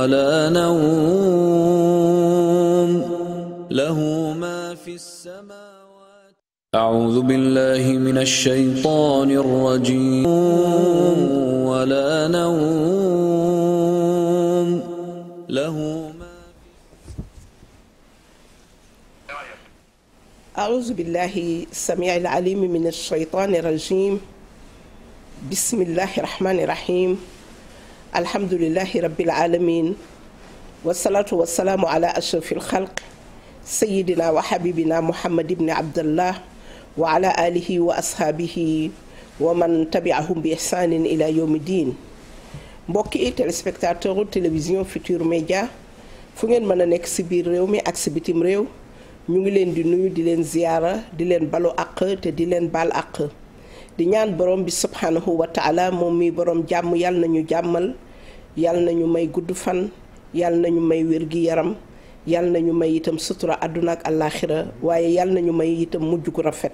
ولا نوم له ما في السماوات أعوذ بالله من الشيطان الرجيم ولا نوم له ما أعوذ بالله السميع العليم من الشيطان الرجيم بسم الله الرحمن الرحيم alhamdulilahi rabbil alamin wasalaatu wasalaamu ala ashrafil xalq sayidina wa xabibina muhammad ibni abdallah wa ala alihi wa ashaabihi wa man tabiahum bi ihsaanin ila yawmi diin mbokki téléspectateur télévision Futur Média fu ngeen mën a nekk ci biir réew mi ak ci bitim réew ñu ngi leen di nuyu di leen ziyaara di leen balu àq te di leen baal àq di ñaan borom bi subhanahu wa taala moom mi borom jàmm yal nañu jàmmal yal nañu may gudd fan yal nañu may wér gi yaram yal ñu may itam sutura àdduna ak àllaaxira waaye yal nañu may itam mujj ku rafet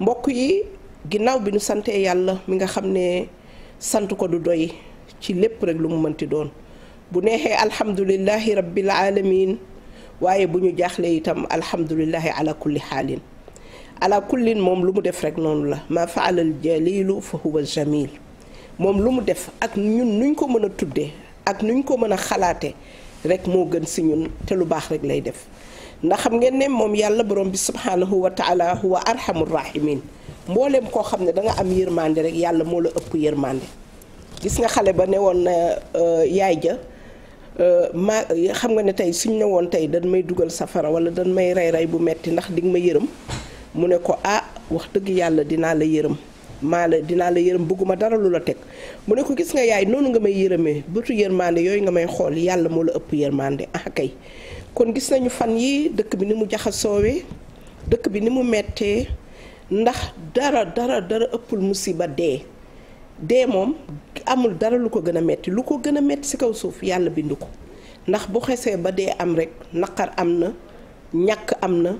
mbokk yi ginnaaw bi nu santee yàlla mi nga xam ne sant ko du doy ci lépp rek lu mu mënti doon bu neexee alhamdulilahi rabbil alamin waaye bu ñu jaaxlee itam alhamdulilahi ala kulli ala kullin moom lu mu def rek noonu la maa faalal jalilu fa huwa jamil moom lu mu def ak ñun nuñ ko mën a tuddee ak nuñ ko mën a xalaate rek moo gën si ñun te lu baax rek lay def ndax xam ngeen ne moom yàlla borom bi subhaanahu wa taala huwa arhamur rahimin mbooleem koo xam ne danga am yërmande rek yàlla moo la ëpp yërmande gis nga xale ba ne woon na euh, yaay ja euh, ma xam nga ne tey suñ ne woon tey dañ may dugal safara wala dañ may rey rey bu metti ndax di nga ma yërëm mu ne ko ah wax dëgg yàlla dinaa la yërëm maa la dinaa la yërëm bëgguma dara lu la teg mu ne ko gis nga yaay noonu nga may yërëmee bëtu yërmande yooyu nga may xool yàlla moo la ëpp yërmande ah kay kon gis nañu fan yi dëkk bi ni mu jaxasoowee dëkk bi ni mu mettee ndax dara dara dara ëppul musiba dee dee moom amul dara lu ko gën a metti lu ko gën a metti ci kaw suuf yàlla bindu ko ndax bu xesee ba dee am rekk naqar am na ñàkk am na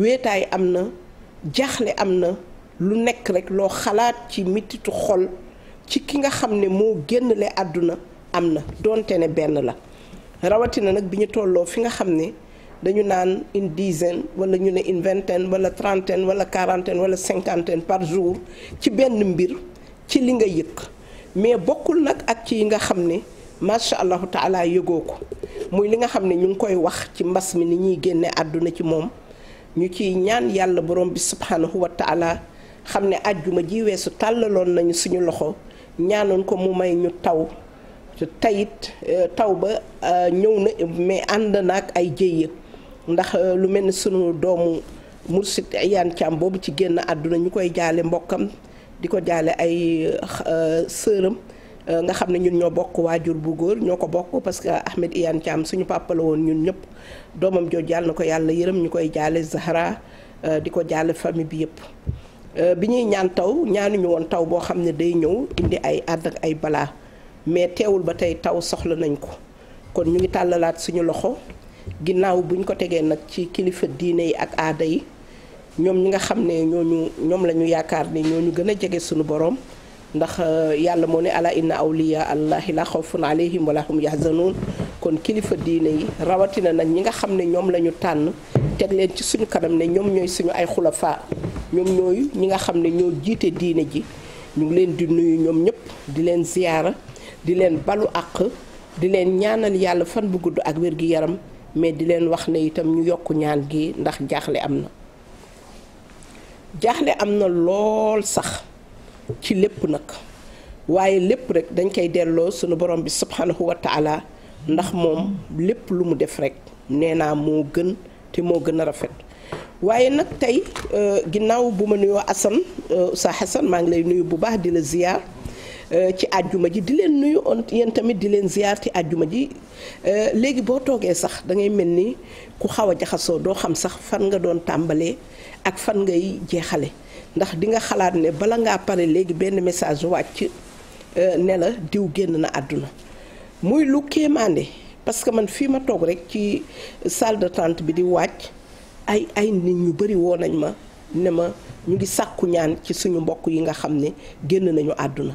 wéetaay am na jaaxle am na lu nekk rek loo xalaat ci mititu xol ci ki nga xam ne moo génnle àdduna am na doonte ne benn la rawatina nag bi ñu tolloo fi nga xam ne dañu naan une dizaine wala ñu ne une vingtaine wala trentaine wala quarantaine wala cinquantaine par jour ci benn mbir ci li nga yëg mais bokkul nag ak ci yi nga xam ne macha allahu taala yëgoo ko muy li nga xam ne ñu ngi koy wax ci mbas mi ni ñuy génne àdduna ci moom ñu ci ñaan yàlla borom bi subhaanahu wa taala xam ne àjjuma ji weesu tàllaloon nañu suñu loxo ñaanoon ko mu may ñu taw tayit euh, taw ba euh, ñëw na mais ànd naag ay jéye ndax euh, lu mel ni suñu doomu Mourchid Iyane Thiam boobu ci génn àdduna ñu koy jaale mbokkam di ko jaale ay sëram nga xam ne ñun ñoo bokk waajur bu góor ñoo ko bokk parce que Ahmed Iyane Thiam suñu papa woon ñun ñëpp doomam jooju yàlla na ko yàlla yërëm ñu koy jaale Zahra euh, di ko jaale famille bi yëpp. Euh, bi ñuy ñaan taw ñaanuñu woon taw boo xam ne day ñëw indi ay àdd ak ay balaa mais teewul ba tey taw soxla nañ ko kon ñu ngi tàllalaat suñu loxo ginnaaw buñ ko tegee nag ci kilifa diine yi ak aada yi ñoom ñi nga xam ne ñooñu ñoom la ñu yaakaar ni ñooñu gën a jege suñu borom. ndax euh, yàlla moo ne ala inna awliya allahi la xawfun alayhim wala hum yahzanun kon kilifa diine yi rawatina nag ñi nga xam ne ñoom lañu tànn teg leen ci suñu kanam ne ñoom ñooy suñu ay xulafa ñoom ñooy ñi nga xam ne ñoo jiite diine ji ñu ngi leen di nuyu ñoom ñëpp di leen ziyaara di leen balu àq di leen ñaanal yàlla fan bu gudd ak wér gi yaram mais di leen wax ne itam ñu yokk ñaan gi ndax jaaxle am na jaaxle am na lool sax ci lépp nag waaye lépp rek dañ koy delloo sunu borom bi subhanahu wa taala ndax moom lépp lu mu def rek nee naa moo gën te moo gën a rafet waaye nag tey euh, ginnaaw bu ma nuyoo Assane euh, sa Assane maa ngi lay nuyu bu baax di la ziyaar euh, ci àjjuma ji di leen nuyu on yéen tamit di leen ziyaar ci àjjuma ji léegi boo toogee sax dangay mel ni ku xaw a jaxasoo doo xam sax fan nga doon tàmbalee ak fan ngay jeexale ndax di nga xalaat ne bala ngaa pare léegi benn message wàcc euh, ne la diw génn na àdduna muy lu kéemaande parce que man fii ma toog rek ci salle tent bi di wàcc ay ay nit ñu bari woo nañ ma ne ma ñu ngi sàkku ñaan ci suñu mbokk yi nga xam ne génn nañu àdduna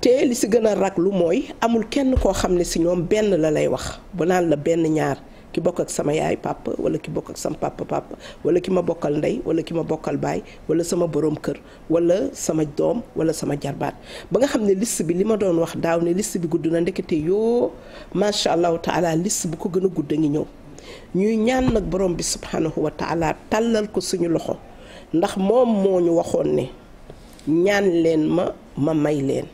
te li si gën a raglu mooy amul kenn koo xam ne si ñoom benn la lay wax ba naan la benn ñaar ki bokk ak sama yaay pàpp wala ki bokk ak sama pàpp papa wala ki ma bokkal ndey wala ki ma bokkal baay wala sama borom kër wala sama doom wala sama jarbaat ba nga xam ne list bi li ma doon wax daaw ne list bi gudd na ndekete yoo macha allahu taala list bu ko gën a gudd a ngi ñëw ñuy ñaan nag borom bi subhanahu wa taala tàllal ko suñu loxo ndax moom moo ñu waxoon ne ñaan leen ma ma may leen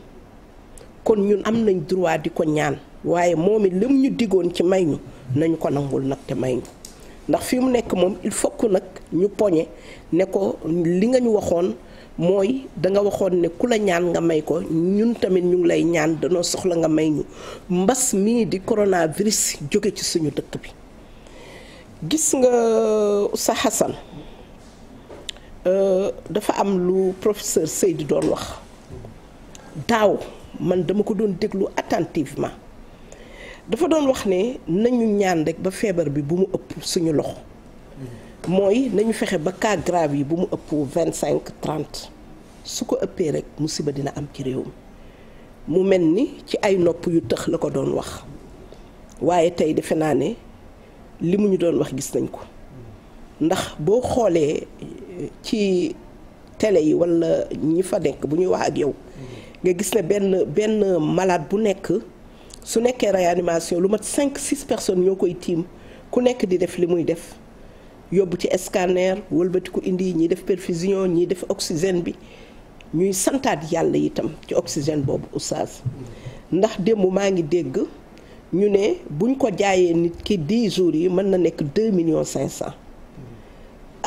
kon ñun am nañ droit di ko ñaan waaye moom it lim ñu digoon ci may ñu nañu ko nangul nag te may nga ndax fi mu nekk moom il faut que nag ñu poñe ne ko li nga ñu waxoon mooy danga waxoon ne ku la ñaan nga may ko ñun tamit ñu ngi lay ñaan danoo soxla nga may ñu mbas mii di coronavirus jóge ci suñu dëkk bi gis nga euh, sa Xasan euh, dafa am lu professeur Seydi doon wax daaw man dama ko doon déglu attentivement dafa doon wax ne nañu ñaan rek ba feebar bi bu mu ëpp suñu loxo mooy nañu fexe ba cas yi bu mu ëpp vingt cinq trente su ko ëppee rek musiba dina am ci réew mi mu mel ni ci ay nopp yu tëx la ko doon wax waaye tey defe naa ne li mu ñu doon wax gis nañ ko ndax boo xoolee eh, ci tele yi walla ñi fa nekk bu ñuy wax ak yow nga gis ne benn benn malade bu nekk su nekkee réanimation lu mat 5 6 personnes ñoo koy tiim ku nekk di def li muy def yóbbu ci scanner wëlbatiku indi ñiy def perfusion ñiy def oxygène bi ñuy santaat yàlla itam ci oxygène boobu oustaz ndax démb maa ngi dégg ñu ne buñ ko jaayee nit ki di jours yi mën na nekk 2 millions 500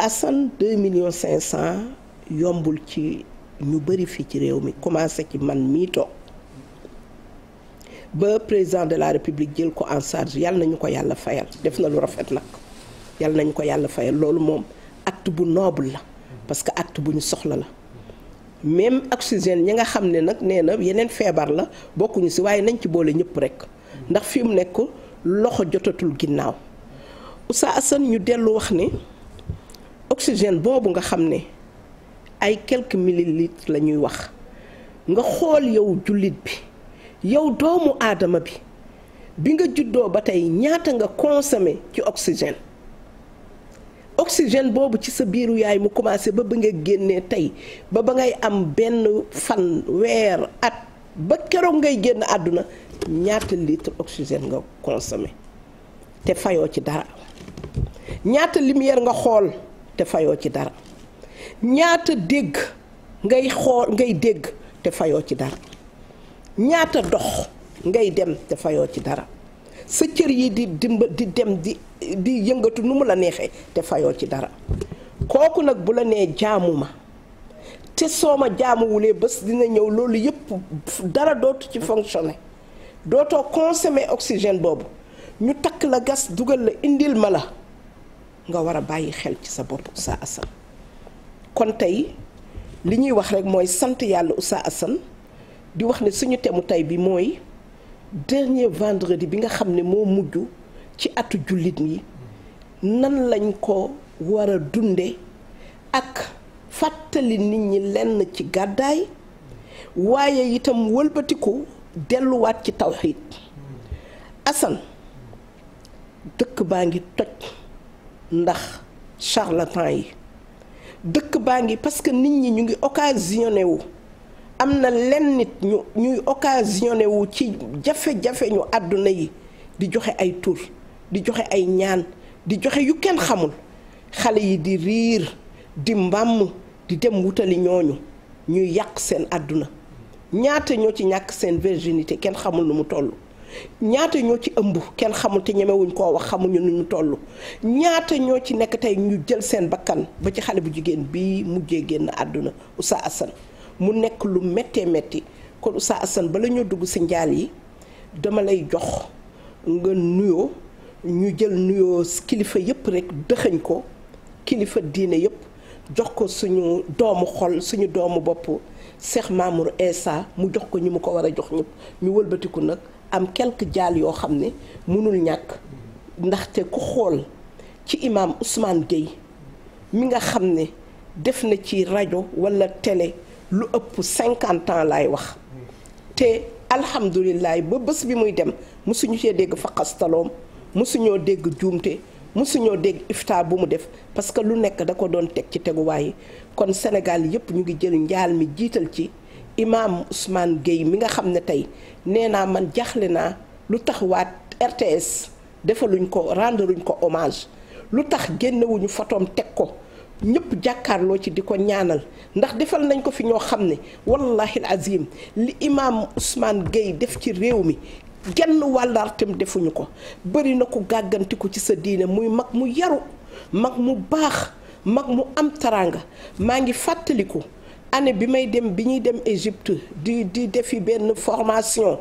asan 2 millions 500 yombul ci ñu bëri fii ci réew mi commencé ci man mii toog. ba président de la république jël ko en charge yàlla nañu ko yàlla fayal def na lu rafet nag yàlla nañu ko yàlla fayal loolu moom acte bu noobul la parce que acte bu ñu soxla la même oxygène ñi nga xam ne nag nee na yeneen feebar la bokkuñu si waaye nañ ci boole ñëpp rek ndax fi mu nekk loxo jotatul ginnaaw Oustaz Assane ñu dellu wax ne oxygène boobu nga xam ne ay quelques millilitres la ñuy wax nga xool yow jullit bi yow doomu aadama bi bi nga juddoo ba tey ñaata nga consommé ci oxygène oxygène boobu ci sa biiru yaay mu commencé ba ba nga génnee tey ba ba ngay am benn fan weer at ba keroog ngay génn àdduna ñaata litre oxygène nga consommé te fayoo ci dara ñaata lumière nga xool te fayoo ci dara ñaata dégg ngay xool ngay dégg te fayoo ci dara ñaata dox ngay dem te fayoo ci dara sa cër yi di dimba di dem di di yëngatu nu mu la neexee te fayoo ci dara kooku nag bu la nee jaamu ma te soo ma jaamuwulee bés dina ñëw loolu yëpp dara dootu ci fonctionner dootoo consommer oxygène boobu ñu takk la gas dugal la indil ma la nga war a bàyyi xel ci sa bopp Oustaz Assane kon tey li ñuy wax rek mooy sant yàlla Oustaz Assane di wax ne suñu temu tey bi mooy dernier vendredi bi nga xam ne moo mujj ci atu jullit yi nan lañ ko war a dunde ak fàttali nit ñi lenn ci gàddaay waaye itam wëlbatiku delluwaat ci tawxiid asan dëkk baa ngi toj ndax charlatan yi dëkk baa ngi parce que nit ñi ñu ngi occasionné wu am na lenn nit ñu ñuy occasionné wu ci jafe-jafe ñu àdduna yi di joxe ay tur di joxe ay ñaan di joxe yu kenn xamul xale yi di riir di mbàmm di dem wutali ñooñu ñuy yàq seen àdduna ñaata ñoo ci ñàkk seen virginité kenn xamul nu mu toll ñaata ñoo ci ëmb kenn xamul te ñemewuñ koo wax xamuñu nu ñu toll ñaata ñoo ci nekk tey ñu jël seen bakkan ba ci xale bu jigéen bii mujjee génn àdduna Oustaz Assane mu nekk lu méttee métti kon Oustaz Assane bala ñoo dugg si njaal yi dama lay jox nga nuyoo ñu jël nuyoo kilifa yëpp rek dëxëñ ko kilifa diine yëpp jox ko suñu doomu xol suñu doomu bopp Cheikh Mamour Essa mu jox ko ñu mu ko war a jox ñëpp ñu wëlbatiku nag am quelque jaal yoo xam ne mënul ñàkk ndaxte ku xool ci imaam Ousmane Gueye mi nga xam ne def na ci rajo walla télé lu ëpp cinquante ans laay wax te alhamdulilah ba bés bi muy dem mosuñu cee dégg faqastaloom mosuñoo dégg juumte mësuñoo dégg ifta bu mu def parce que lu nekk da ko doon teg ci teguwaay kon Sénégal yépp ñu ngi jël njaal mi jiital ci imaam Ousmane Gueye mi nga xam ne tey nee naa man jaxle naa lu tax waat RTS defaluñ ko renderuñ ko hommage lu tax génnewuñu fotoom teg ko ñëpp jàkkaarloo ci di ko ñaanal ndax defal nañ ko fi ñoo xam ne wallahi azim li imaam Ousmane Gueye def ci réew mi genn wàllartem defuñu ko bëri na ko gàggantiku ci sa diine muy mag mu yaru mag mu baax mag mu am taraanga maa ngi fàttaliku année bi may dem bi ñuy dem Égypte di di defi benn formation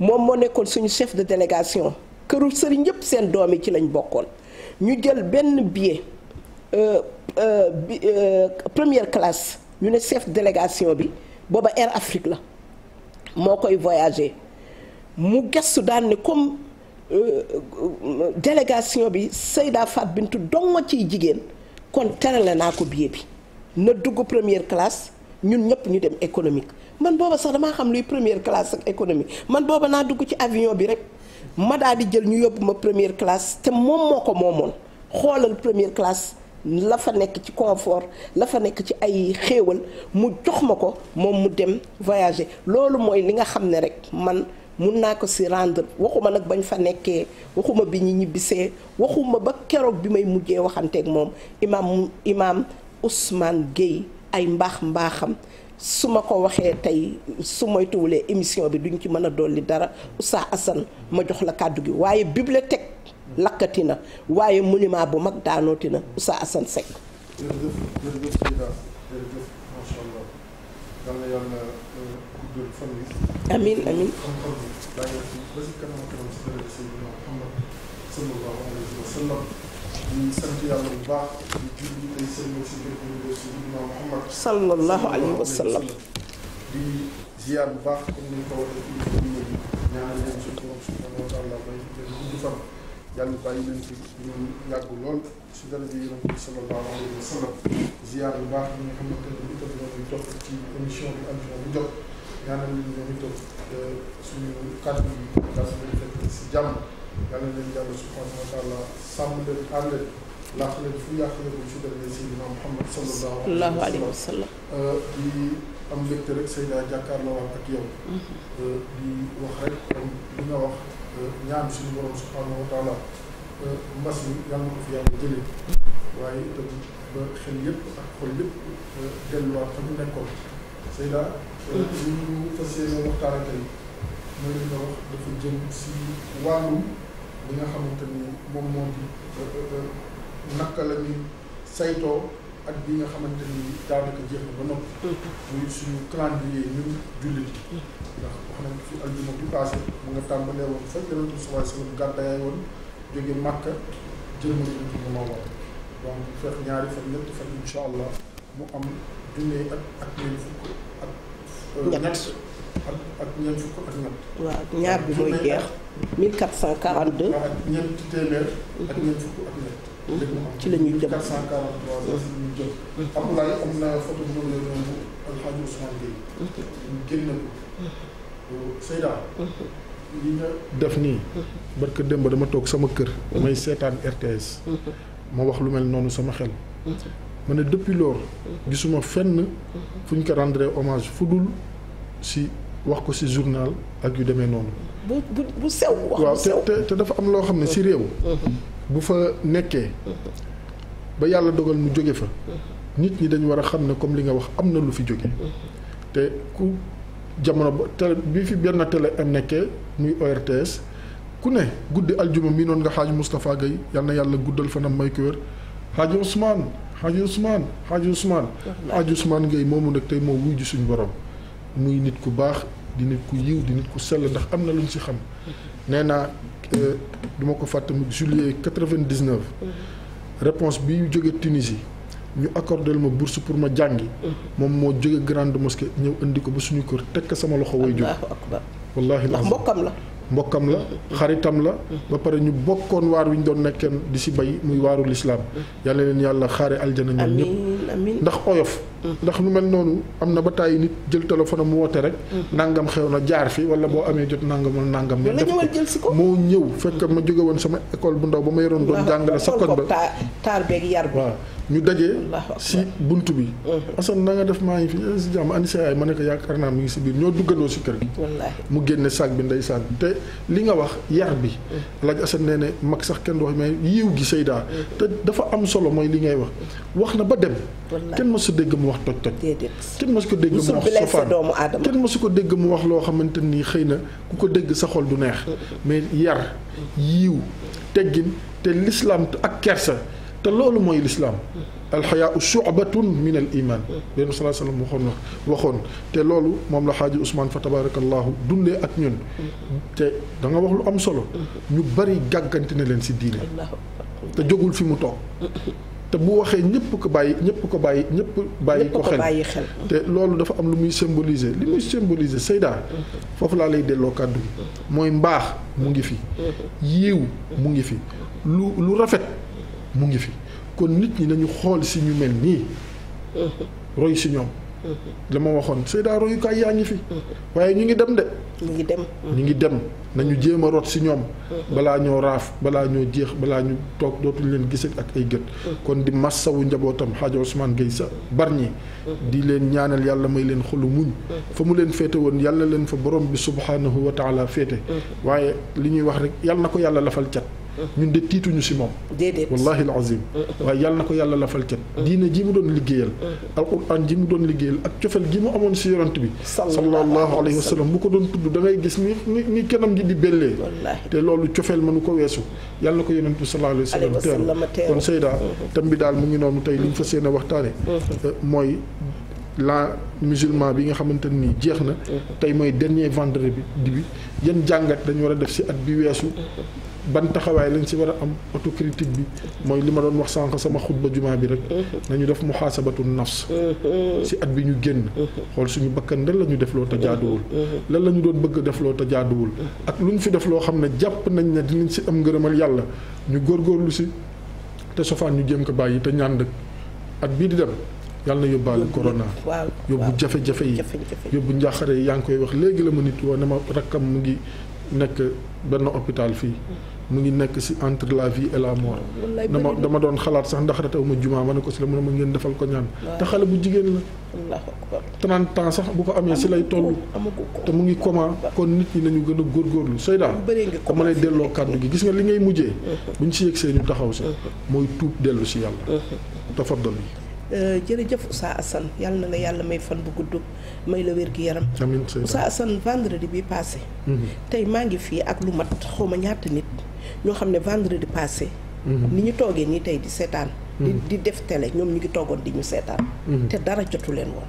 moom moo nekkoon suñu chef de délégation këru sëriñ yëpp seen doom yi ci lañ bokkoon ñu jël benn billet Euh, euh, bi euh, première classe ñu ne chef délégation bi booba Air Afrique la moo koy voyager mu gestu daan ne comme délégation bi Seyda Fat Bintou dong ciy jigéen kon terale naa ko billet bi na dugg première classe ñun ñëpp ñu dem économique man booba sax damaa xam luy première classe ak économique man booba naa dugg ci avion bi rek ma daal di jël ñu yóbbu ma première classe te moom moo ko moomoon xoolal première classe la fa nekk ci confort la fa nekk ci ay xéewal mu jox ma ko moom mu dem voyager loolu mooy li nga xam ne rek man mun naa ko si rendre waxuma nag bañ fa nekkee waxuma bi ñu ñibbisee waxuma ba keroog bi may mujjee waxanteeg moom imaam imaam Ousmane Gueye ay mbaax mbaaxam su ma ko waxee tey su moytuwulee émission bi duñ ci mën a dolli dara Oustaz Assane ma jox la kàddu gi waaye bibliothèque lakkati na waaye monument bu mag daanooti na Moussa Assane Seck. jërëjëf jërëjëf yàlla bàyyi leen fi ñun yàgg lool si daraja yonent bi sallallahu alayhi wa sallam ziar bu baax ñi nga xamante ne bii itam ñoo ngi topp ci émission bi am ñoo ngi jot ñaanal leen ñoo suñu kàddu yi daal di leen fekk si jàmm yàlla leen yàlla subhanahu wa taala sàmm leen aar leen laax leen fu yàq leen si daraja Seydina Muhammad sallallahu euh, di am mbégte rek Seyda jàkkaarloo ak yow. Mm-hmm. Euh, di wax rek comme nga wax. ñaan suñu borom subhaanahu wa taala mbas mi yàlla ko fi yàlla jëlee waaye itam ba xel yëpp ak xol yëpp delluwaat fa mu nekkoon Seyda mm. euh, li ñu fas yéene waxtaan ak tey mooy li nga wax dafa jëm si wàllum li nga xamante ni moom moo di euh, euh, naka la ñuy saytoo ak bi nga xamante ni daanaka jeex na ba noppi mm. muy suñu calendrier ñun jullit ndax wax nañ fi aljuma bi passé mu nga tàmbalee woon fa yonent bi ak ñeent fukk euh, ak. ñeent fukk ak ñett. waaw ñaar bi mooy jeex. 1442 waaw ak ñeent mhm. mhm. la ñuy jëm 443 la ñuy jëm. Mhm. Abdoulaye am na photo bu ñu leen alxaaji Ousmane génn ko. Seyda. li nga def nii. barka démb dama toog sama kër. may seetaan RTS. ma wax lu mel noonu sama xel. ma ne depuis lors gisuma fenn fu ñu ko rendre hommage fu dul si wax ko si journal ak yu demee noonu. bu bu bu sew. waaw te te dafa am loo xam ne si réew. bu fa nekkee. ba yàlla dogal mu jóge fa. nit ñi dañu war a xam ne comme li nga wax am na lu fi jóge. te ku jamono ba télé bi fi benn télé am nekkee muy ORTS ku ne guddi aljuma mii noon nga xaaj Moustapha Gueye yal na yàlla guddal fanam may ko wér xaaj Ousmane xaaj Ousmane xaaj Ousmane xaaj Ousmane Gueye moomu nag tey moo wuy ji suñu borom muy nit ku baax di nit ku yiw di nit ku sell ndax am na luñ si xam nee naa euh, duma ko fàtte mu juillet quatre-vingt-dix-neuf mm-hmm. réponse bi jóge Tunisie ñu accordel ma bourse pour ma jàngi. Mhm. moom moo jóge grande mosquée ñëw indi ko ba suñu kër tekk sama loxo way jóg. wallaahi ndax mbokkam la. mbokkam la mhm. xaritam la. Mhm. ba pare ñu bokkoon waar wi ñu doon nekkeen di si bay muy waaru lislaam yàlla leen yàlla xaare aljana ñoom ñëpp ndax oyof. ndax lu mel noonu am na ba tàyyi nit jël téléphone am woote rek. nangam xew na jaar fi wala boo amee jot nangamal nangam. mais def ko moo ñëw fekk ma jóge woon sama école bu ndaw ba ma yoroon doon jàngale sa yar bi. ñu dajee si bunt bi mm-hmm. asan na nga def maa ngi fi eh, si jàmm ani ma ne ko yaakaar naa mi ngi si biir ñoo duggandoo si kër gi mu génne saag bi ndeysaan te li nga wax yar bi mm-hmm. laaj asan nee ne mag sax kenn du wax mais yiiw gi Seyda mm-hmm. te dafa am solo mooy li ngay wax wax na ba dem kenn ma su dégg mu wax toj toj kenn ma su ko dégg mu wax sofaan kenn ma su ko dégg mu wax loo xamante nii xëy na ku ko dégg sa xol du neex mais yar yiiw teggin te lislaam ak kersa te loolu mooy lislaam alxayaatu subatun min al iman leen bi salaa sallam waxoon na waxoon te loolu moom la xaaji Ousmane fa tabarakallahu dundee ak ñun te da nga wax lu am solo ñu bari gàggante ne leen si diine te jógul fi mu toog te bu waxee ñëpp ko bàyyi ñëpp ko bàyyi ñëpp bàyyi ko xel te loolu dafa am lu muy symboliser li muy symboliser Seyda foofu laa lay delloo kàddu gi mooy mbaax mu ngi fi mm-hmm. yiiw mu ngi fi lu lu rafet mu ngi fi kon nit ñi nañu xool si ñu mel nii roy si ñoom dama waxoon Seyda royukaay yaa ngi fi waaye ñu ngi dem de ñu ngi dem ñu ngi dem nañu jéem a rot si ñoom balaa ñoo raaf balaa ñoo jeex balaa ñu toog dootuñ leen gis ak ay gët kon di massawu njabootam xaaja Ousmane Gueye sa barñi di leen ñaanal yàlla may leen xolu muñ fa mu leen féete woon yàlla leen fa borom bi subhanahu wa taala féete waaye li ñuy wax rek yàlla na ko yàlla lafal cat ñun de tiituñu si moom wallahi alazim waaye yàlla na ko yàlla lafal cat mm-hmm. diina ji mu doon liggéeyal mm-hmm. alquran ji mu doon liggéeyal ak cofel ji mu amoon si yonent bi sallallahu alayhi wa sallam bu ko doon tudd da gis ni ni ni kanam gi di bellee te loolu cofel mënu ko weesu yàlla na ko yonent bi sallallahu alayhi wa sallam teeru kon Seyda tam mm-hmm. bi daal mu ngi noonu tey li ñu fa seen a waxtaane euh, mooy la musulman bi nga xamante ni jeex na tey mooy dernier vendredi bi yan jàngat dañu war def si at bi weesu ban taxawaay lañ ci war a am autocritique bi mooy li ma doon wax sànq sama xutba jumaa bi rek mm-hmm. nañu def muhaasabatu nafs mm-hmm. ci at bi ñu génn mm-hmm. xool suñu bakkan lan la ñu def te jaaduwul lan la ñu doon bëgg def loo te jaaduwul ak lu ñu fi def loo xam ne jàpp nañ ne dinañ ci am ngërëmal yàlla ñu góor góorlu si te sofaan ñu jéem ko bàyyi te ñaan dëkk at bii di dem yàlla na yóbbaale corona yóbbu jafe-jafe yi yóbbu njaaxare yi yaa ngi koy wax léegi la ma nit woo ne ma rakkam mu ngi nekk benn hôpital fii mu ngi nekk si entre la vie et la mort. dama dama doon xalaat sax ndax rataw ma jumaa ma ne ko si la mu ne ma ngeen defal ko ñaan. te xale bu jigéen la. 30 ans sax bu ko amee si lay toll. te mu ngi comment kon nit ñi nañu gën a góorgóorlu sooy daal. dama lay delloo kàddu gi gis nga li ngay mujjee. Uh-huh. bu ñu si yegg see ñu taxaw si. Uh-huh. mooy tuub dellu si yàlla. Uh-huh. tafaddal yi. Uh, jërëjëf Oustaz Assane yàlla na la yàlla may fan bu gudd may la wér gi yaram Oustaz Assane vendredi bi passé mm-hmm. tey maa ngi fii ak lu mat xaw ma ñaata nit ñoo xam ne vendredi passé mhm. ni ñu toogee nii tey di seetaan di mhm. di def tele ñoom ñu ngi toogoon di ñu seetaan mhm. te dara jotu leen woon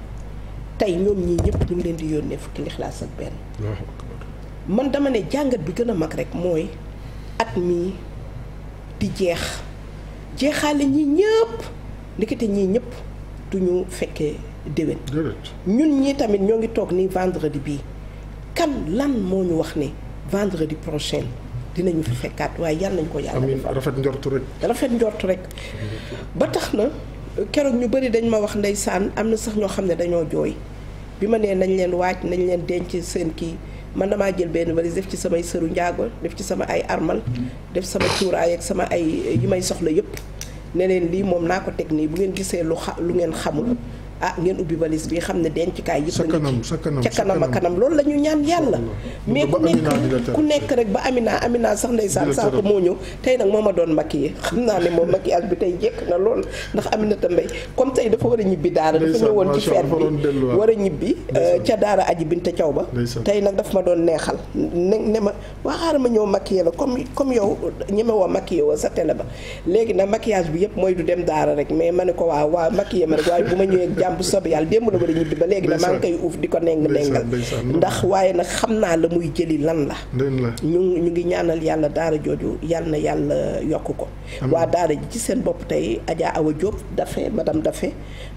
tey ñoom ñii ñëpp ñu ngi leen di yónnee fukki lixlaas ak benn man dama ne jàngat bi gën a mag rek mooy at mii di jeex jeexaale ñii ñëpp ndekete ñii ñëpp duñu fekkee déwén ñun ñii tamit ñoo ngi toog nii vendredi bii kan lan moo ñu wax ne vendredi prochain dinañu fi fekkaat waaye yàlla nañ ko yàlla defal rafet njortu rek rafet njortu rek ba tax na keroog ñu bari dañ ma wax ndey saan am na sax ñoo xam ne dañoo jooy bi ma nee nañ leen waaj nañu leen denc seen kii man maa jël benn valise def ci samay sëru njaago def ci sama ay armal def sama cuuraay ak sama ay yi may soxla yépp ne leen lii moom naa ko teg nii bu ngeen gisee lu xa lu ngeen xamul ah ngeen ubbi valise bi xam ne dencukaay yëpp sa kanam sa kanam ca kanam kanam loolu la ñu ñaan yàlla mais ku nekk ku nekk rek ba Amina Amina sax ndeysaan sànq moo ñëw tey nag moo ma doon maquillé xam naa ne moom maquillage bi tey jekk na lool ndax Aminata Mbaye comme tey dafa war a ñibbi daara dafa ñëwoon ci feet bi war a ñibbi euh, ca daara aji Binta Thiaw ba tey nag daf ma doon neexal ne ne ma waa xaaral ma ñëw maquillé la comme comme yow ñeme woo maquillé sa télé ba léegi nag maquillage bi yëpp mooy du dem daara rek mais ma ne ko waaw waaw ma rek waaye bu ma ñëwee jàmm bu soobee yàlla démb na war a ñibbi ba léegi damaa ngi koy uuf di ko neng nengal ndax waaye nag xam naa la muy jëli lan la ñu ñu ngi ñaanal yàlla daara jooju yàlla na yàlla yokk ko waa daara ji ci seen bopp tey Adja Awa Diop dafe madame dafe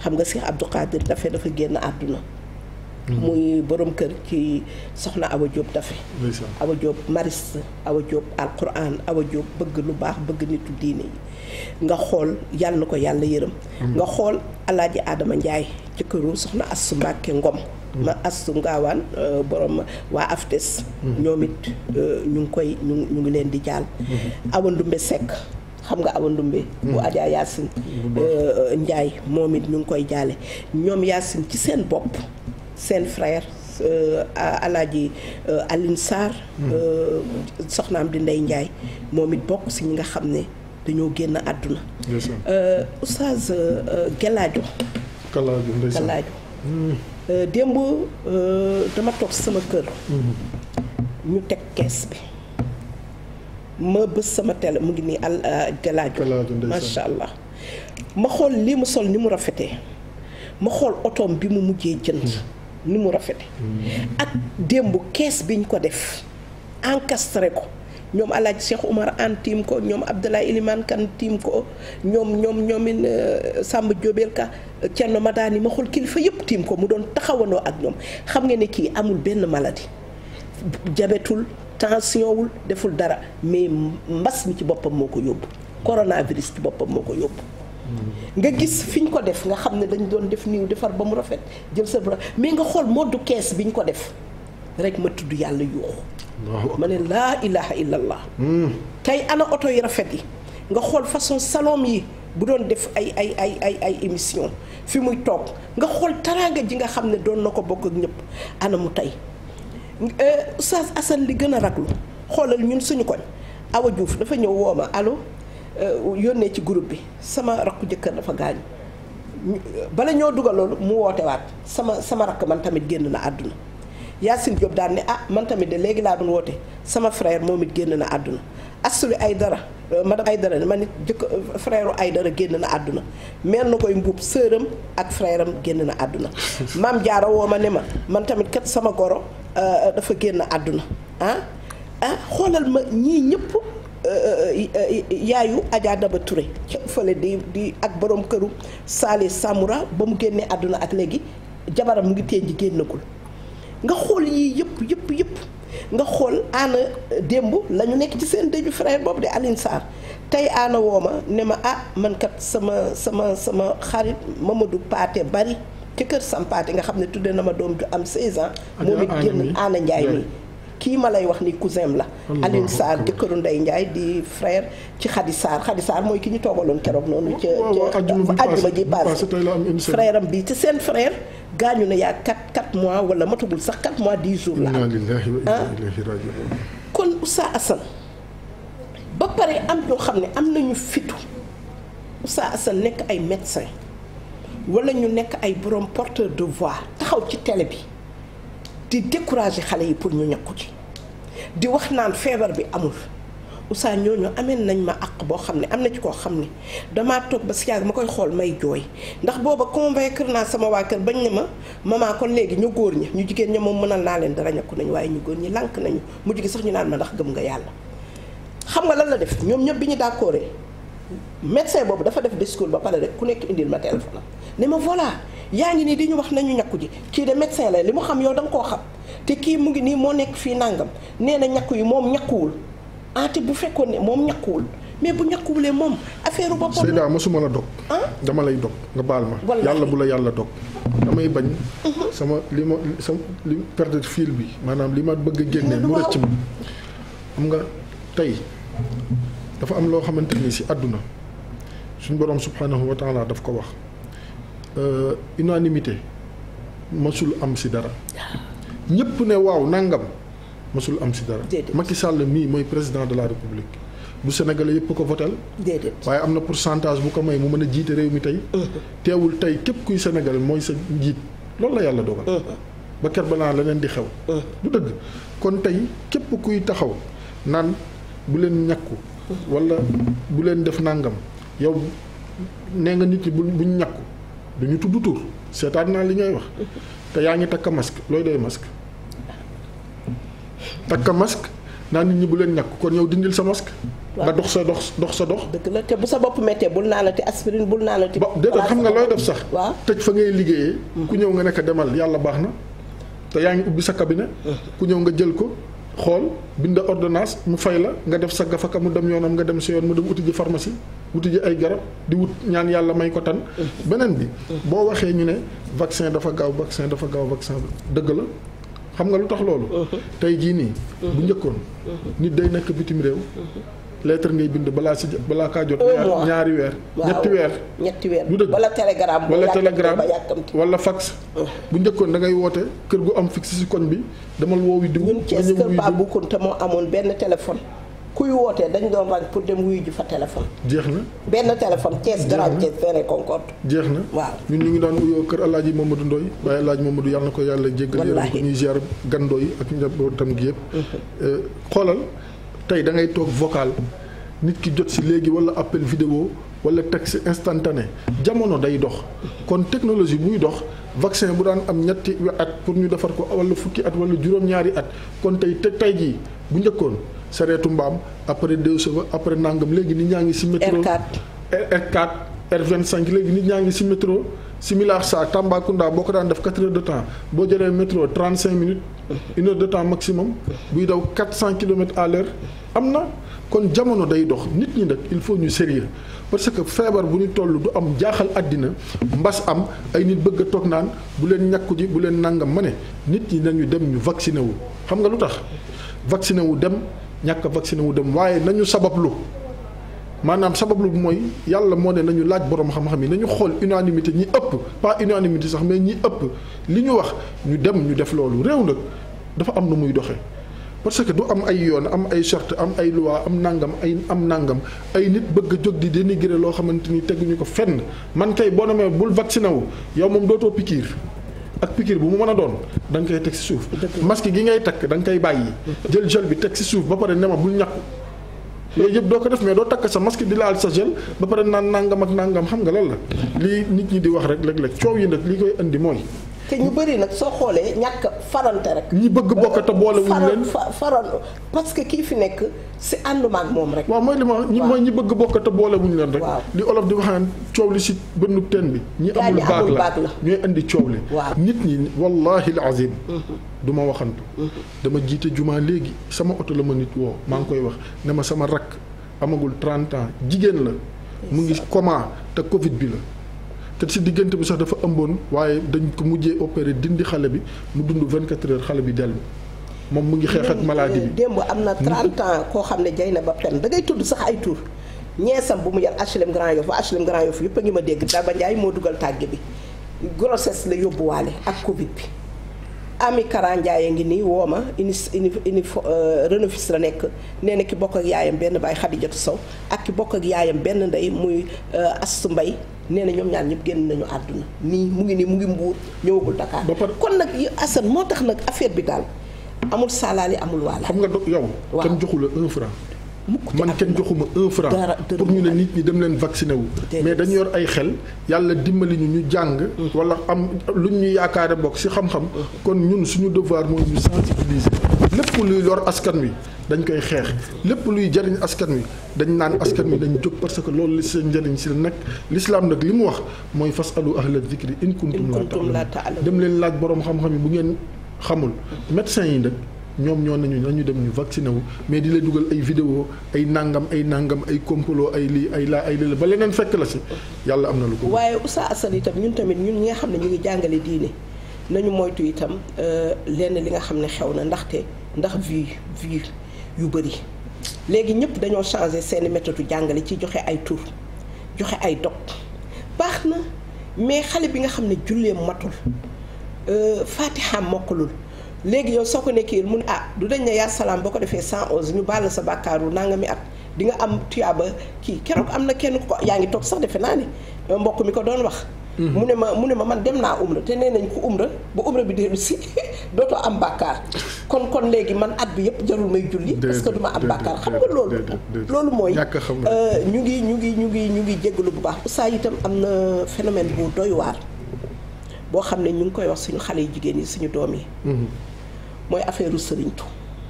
xam nga Cheikh Abdou Khadir dafe dafa génn àdduna Mm-hmm. muy borom kër ci soxna Awa Diop Daffé Awa Diop mariste Awa Diop alquran Awa Diop bëgg lu baax bëgg nitu diine yi nga xool yàlla ko yàlla yërëm mm-hmm. nga xool alaaji Adama Ndiaye ci këru soxna as Assu Mbàkke Ngom mm-hmm. ma Assu Ngaawaan euh, borom waa AFTES ñoom it euh, ñu ngi koy ñu ngi leen di jaal Awa Ndumbe xam nga awa ndumbe euh, moom it ñu ngi koy jaale ñoom Yacine ci seen bopp seen frère euh, alaaji euh, Alioune Sarr hmm. euh, soxnaam di Ndeye Ndiaye moom it bokk si ñi nga xam ne dañoo génn àdduna oustaz Gelaajo Gelaajo hmm. démb dama toog sama kër hmm. ñu teg kees bi ma bës sama télé mu ngi nii al Gelaajo masha allah ma xool lii mu sol ni mu rafetee ma xool otoom bi mu mujjee jënd ni mu rafete ak démb kees biñ ko def encastré ko ñoom alaaj Cheikh Oumar Anne tiim ko ñoom Abdoulaye Elimane Kane tiim ko ñoom ñoom ñoomin euh, Samba Diobel Ka euh, Thierno Madani ma xool kilifa yëpp tiim ko mu doon taxawandoo ak ñoom xam nga ni kii amul benn maladie jabetul tension wul deful dara mais mbas mi ci boppam moo ko yóbbu coronavirus ci boppam moo ko yóbbu nga gis fi ñu ko def nga xam ne dañ doon def niw defar ba mu rafet jël sa bra mais nga xool moddu kees bi ñu ko def rek ma tudd yàlla yuuxu ma ne laa ilaha illallah hmm. tey ana oto yu rafet yi nga xool façon salon yi bu doon def ay ay ay ay ay émission fi muy toog nga xool taraanga ji nga xam ne doon na ko bokk ak ñëpp ana mu tey euh, Oustaz Assane li gën a raglu xoolal ñun suñu koñ Awa Diouf dafa ñëw wooma alo Euh, yónnee ci groupe bi sama rakku jëkkër dafa gaañu bala ñoo dugal loolu mu woote waat sama sama rakk man tamit génn na àdduna Yacine Diop daal ne ah man tamit de léegi laa doon woote sama frère moom it génn na àdduna Astou Aïdara euh, madame Aïdara man it jëkk euh, frère Aïdara génn na àdduna mel na koy mbuub sëram ak frère génn na àdduna maam Jaara ma ne ma man tamit kat sama goro dafa génn àdduna ah ah xoolal ma ñii ñëpp yaayu Adja Daba Touré ca fële di di ak boroom këru Saleh Samoura ba mu génnee àdduna ak léegi jabaram mu ngi tee ji génnagul nga xool yii yëpp yëpp yëpp nga xool aana démb la nekk ci seen dëju frère bopp di Alioune Sarr tey aana woo ma ne ma ah man kat sama sama sama xarit Mamadou Paate Bari ci kër Sampaate nga xam ne tudde na ma doom ju am 16 ans moom it génn aana Njaay mi kii ma lay wax ni cousin la Alioune Sarr jëkkëru Ndeye Ndiaye di frère ci Khady Sarr Khady Sarr mooy ki ñu toogaloon keroog noonu ca ca ajjuma ji passé frère am bi te seen frère gaañu na yaa 4 4 mois wala matagul sax 4 mois 10 jours la ah kon Oustaz Assane ba pare am ñoo xam ne am nañu fitu Oustaz Assane nekk ay médecin wala ñu nekk ay borom porteur de voix taxaw ci tele bi di décourager xale yi pour ñu ñakku ci di wax naan feebar bi amul Oustaz ñooñu ameen nañ ma àq boo xam ne am na ci koo xam ne damaa toog ba si yàgg ma koy xool may jooy ndax booba kër naa sama waa kër bañ ne ma maman kon léegi ñu góor ñi ñu jigéen ña moom mënal naa leen dara ñakku nañu waaye ñu góor ñi lànk nañu mujj gi sax ñu naan ma ndax gëm nga yàlla xam nga lan la def ñoom ñëpp bi ñu d'accordé médecin boobu dafa def discours ba pare rek ku nekk indil ma téléphone ne ma voilà yaa ngi nii di ñu wax nañu ñàkku ji kii de médecin lay li mu xam yow da koo xam te kii mu ngi nii moo nekk fii nàngam nee na ñàkku yi moom ñakkuwul ah bu fekkoon ne moom ñàkkuwul mais bu ñàkkuwulee moom affaire boppam. Seyda mosuma la dog. Ah? dama lay dog nga baal ma. yàlla bu la yàlla dog. damay bañ. Mm-hmm. sama li ma sama li perte fil bi maanaam li ma bëgg a génne mu rëcc ma xam nga tey dafa am loo xamante ni si àdduna. suñ borom subhanahu wa taala daf ko wax euh, unanimité masul am si dara ñëpp ne waaw nangam masul am si dara Macky Sall mii mooy président de la république bu Sénégalais yëpp ko votel waaye am na pourcentage bu ko may mu mën a jiite réew mi tey uh-huh. teewul tey képp kuy sénégal mooy sa njiit loolu la yàlla dogal uh-huh. ba ker balaa leneen di xew uh-huh. du dëgg kon tey képp kuy taxaw naan bu leen ñàkku wala bu leen def nangam yow nee nga nit ñi bu buñ ñàkku duñu tudd tur seetaan naa li ngay wax te yaa ngi takk masque looy doy masque takk masque naa nit ñi bu leen ñàkk kon yow dindil sa masque nga dox sa dox dox sa dox dëgg la te bu sa bopp méttee bul naanati aspirine bul naanati ba déedéet xam nga looy def sax waaw tëj fa ngay liggéeyee mm. ku ñëw nga nekk demal yàlla baax na te yaa ngi ubbi sa cabinet mm. ku ñëw nga jël ko xool bind ordonnance mu fay la nga def sa gafaka mu dem yoonam nga dem sa yoon mu dem uti ji pharmacie uti ji ay garab di wut ñaan yàlla may ko tan beneen bi boo waxee ñu ne vaccin dafa gaaw vaccin dafa gaaw vaccin dëgg la xam nga lu tax loolu uh-huh. tey jii nii bu njëkkoon uh-huh. nit day nekk bitim réew uh-huh. lettre ngay bind balaa si balaa kaa jot. ñaari weer ñetti weer. ñetti weer du dëgg wala télégramme. wala télégramme wala ah. bu njëkkoon da ngay woote kër gu am fixe si koñ bi damal woowu diw. ñun Cees kër Babou te moo amoon benn téléphone. kuy wootee dañ doon rang pour dem wuyu ji fa téléphone. jeex na benn téléphone Thiès Grand Thiès jeex na waaw ñun ñu ngi daan uyoo kër El Hadj Mamadou Ndoye waaye El Hadj Mamadou yàlla na ko yàlla jéggal. wallaahi yërëm ko ñuy ziar gandoo ak njabootam gi yëpp. Mm-hmm. Eh, xoolal. tey da ngay toog vocal nit ki jot si léegi wala appel vidéo wala texte instantané jamono day dox kon technologie buy dox vaccin bu daan am ñetti at pour ñu defar ko wala fukki at wala juróom-ñaari at kon tey te tey jii bu njëkkoon sareetu mbaam après deux chevaux après nangam léegi nit ñaa ngi si métro R4 R4 léegi nit ñaa ngi si métro similaire Tambacounda boo ko daan def 4 heures de temps boo jëlee métro 35 minutes une heure de temps maximum buy daw 400 kilomètres à l'heure am na kon jamono day dox nit ñi nag il faut ñu sérieux parce que feebar bu ñu toll du am jaaxal àddina mbas am ay nit bëgg a toog naan bu leen ñàkku ji bu leen nangam ma ne nit ñi nañu dem ñu vacciné wu xam nga lu tax vacciné wu dem ñàkk a wu dem waaye nañu sabablu maanaam sabablu mooy yàlla moo ne nañu laaj borom xam-xam yi nañu xool unanimité ñi ëpp pas unanimité sax mais ñi ëpp li ñu wax ñu dem ñu def loolu réew nag dafa am na muy doxee parce que du am ay yoon am ay charte am ay loi am nangam ay am nangam ay nit bëgg a jóg di dénigrer loo xamante ni teguñu ko fenn man kay boo demee bul vacciné wu yow moom dootoo pikiir ak pikiir bu mu mën a doon da koy teg ci suuf. masque gi ngay takk da koy bàyyi. jël gel bi teg ci suuf ba pare ne ma bul ñàkku yooyu yëpp doo ko def mais doo takk sa masque di laal sa gel ba pare naan nangam ak nangam xam nga lan la. lii nit ñi di wax rek léeg coow yi nag li koy indi mooy. te ñu bëri nag soo xoolee ñàkk farante rek. ñi bëgg bokk te boole wuñ leen faral parce que kii fi nekk si ànduma moom rek. waaw mooy li ma ñi ñi bëgg bokk te boole wuñ leen rek. li olof di waxaan coow li si bënnu teen bi. ñi amul baag la ñooy indi coow li. nit ñi wallahi azim. Mm-hmm. du ma waxantu. Mm-hmm. dama jiite jumaa léegi sama oto la ma nit woo maa ngi koy wax ne ma sama rakk amagul 30 ans jigéen la mu ngi comment te Covid bi la. te si diggante bi sax dafa ëmboon waaye dañ ko mujjee opéré dindi xale bi mu dund vingt 24 heures xale bi dellu moom mu ngi xeex ak maladie bi démb am na 30 ans koo xam ne jay na ba pen da ngay tudd sax ay tur ñeesam bu mu yar HLM Grand Yoff ba HLM Grand Yoff yëpp a ngi ma dégg Daba Ndiaye moo dugal tàgge bi grossesse la yóbbuwaale ak Covid bi. ami a ngi nii woo ma uni uni uni euh, renefis la nekk nee na ki bokk ak yaayam benn baay Xadijatu Sow ak ki bokk ak yaayam benn ndey muy euh, Assu Mbay nee na ñoom ñaar ñëpp génn nañu àdduna nii mu ngi nii mu ngi mbuur ñëwagul Dakar kon nag Assane moo tax nag affaire bi daal amul salaali amul waala xam nga yow kenn joxu la un franc man kenn joxuma un franc pour ñu ne nit ñi dem leen vacciné wu mais dañu yor ay xel yàlla dimbali ñu ñu jàng mm. wala am lu ñu yaakaare bokk ci xam-xam mm. kon ñun suñu devoir mooy ñu sensibiliser lépp luy lor askan wi dañ koy xeex lépp luy jëriñ askan wi dañ naan askan wi dañ jóg parce que loolu li seen njëriñ si nag l'islam nag li mu wax mooy fasalu ahla zikri in kuntum la ta'lamun dem leen laaj boroom xam-xam yi bu ngeen xamul mm. médecin yi nag ñoom ñoo nañu nañu dem ñu vacciné wu mais di dugal ay video ay nangam ay nangam ay complot ay lii ay laa ay lii ba leneen fekk la si yàlla am na lu ko. waaye Oustaz Assane itam ñun tamit ñun ñi nga xam ne ñu ngi jàngale diine nañu moytu itam euh, lenn li nga xam ne xew na ndaxte ndax vie vie yu bëri léegi ñëpp dañoo changé seeni méthode jàngale ci joxe ay tur joxe ay dog baax na mais xale bi nga xam ne jullee matul euh, fatiha mokkulul. léegi yow soo ko nekkee mu ne ah du dañ ne yaa salaam boo ko defee 111 ñu baal la sa bàkkaaru nangami at di nga am tuyaaba kii keroog am na kenn ko yaa ngi toog sax defe naa ne mbokk mi ko doon wax. Mm-hmm. mu ne ma mu ne ma man dem naa umra te nee nañ ko umra ba umra bi dellu si dootoo am bàkkaar kon kon léegi man at bi yëpp jarul may julli parce que duma am bàkkaar xam nga loolu loolu mooy euh, ñu ngi ñu ngi ñu ngi ñu ngi jéggalu bu baax Oustaz itam am na phénomène bu doy waar boo xam ne ñu ngi koy wax suñu xale yu jigéen yi suñu doom yi. Mhm. mooy affaire sëriñtu.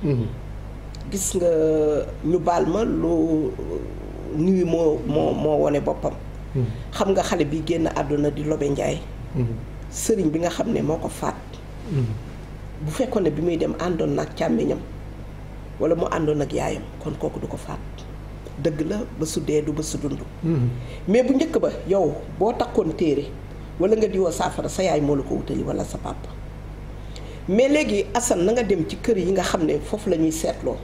Mhm. gis nga ñu baal ma lu nuyu moo moo moo wone boppam. Mhm. xam nga xale bi génn àdduna di Lobe Njaay sëriñ bi nga xam ne moo ko faat. bu fekkoon ne bi muy dem àndoon na ak càmmiñam wala mu àndoon ak yaayam kon kooku du ko faat dëgg la ba su dee du ba su dund. mais bu njëkk ba yow boo takkoon téere. wala nga diwoo saafara sa yaay moo la ko wutali wala sa papa mais léegi Assane na nga dem ci kër yi nga xam ne foofu la ñuy seetloo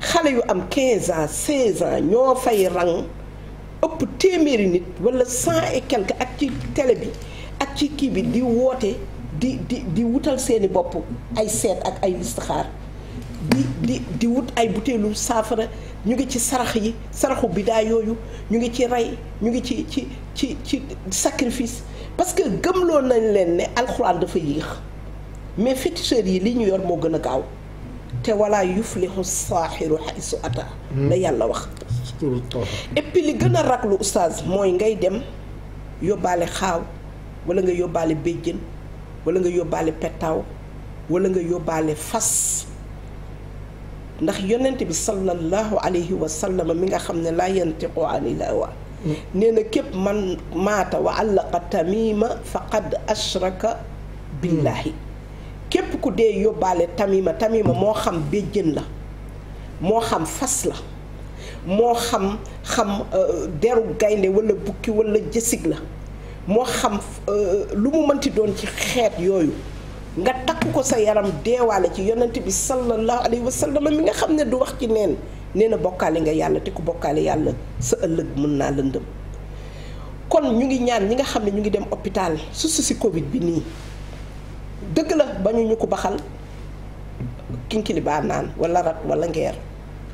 xale yu am 15 ans 16 ans ñoo fay rang ëpp téeméeri nit wala cent et quelque ak ci télé bi ak ci kii bi di woote di di di wutal seeni bopp ay seet ak ay listixaar di di di wut ay butéelu saafara ñu ngi ci sarax yi saraxu bidaa yooyu ñu ngi ci rey ñu ngi ci ci ci ci sacrifice parce que gëmloo nañ leen ne alxuraan dafa yéex mais féticheurs yi li ñu yor moo gën a gaaw te wala yuflihu saaxiru xaysu ata hmm. la yàlla wax et puis li gën a raglu oustaz mooy ngay dem yóbbaale xaaw wala nga yóbbaale béjjën wala nga yóbbaale pettaaw wala nga yóbbaale fas ndax yonent bi sallallahu alayhi wa sallam mi nga xam ne laa yantiqu anil wax nee na képp man maata wa allaqa tamima faqad ashraka billahi képp ku dee yóbbaale tamima tamima moo xam béjjën la moo xam fas la moo xam xam euh, deru gaynde wala bukki wala jësig la moo xam euh, lu mu mënti doon ci xeet yooyu nga takk ko sa yaram deewaale ci yonent bi sallallahu alayhi wa sallam mi nga xam ne du wax ci neen nee na bokkaale nga yàlla te ku bokkaale yàlla sa ëllëg mën naa lëndëm kon ñu ngi ñaan ñi nga xam ne ñu ngi dem hôpital su su si Covid bi nii dëgg la bañu ñu ko baxal kinkilibaa naan wala rat wala ngeer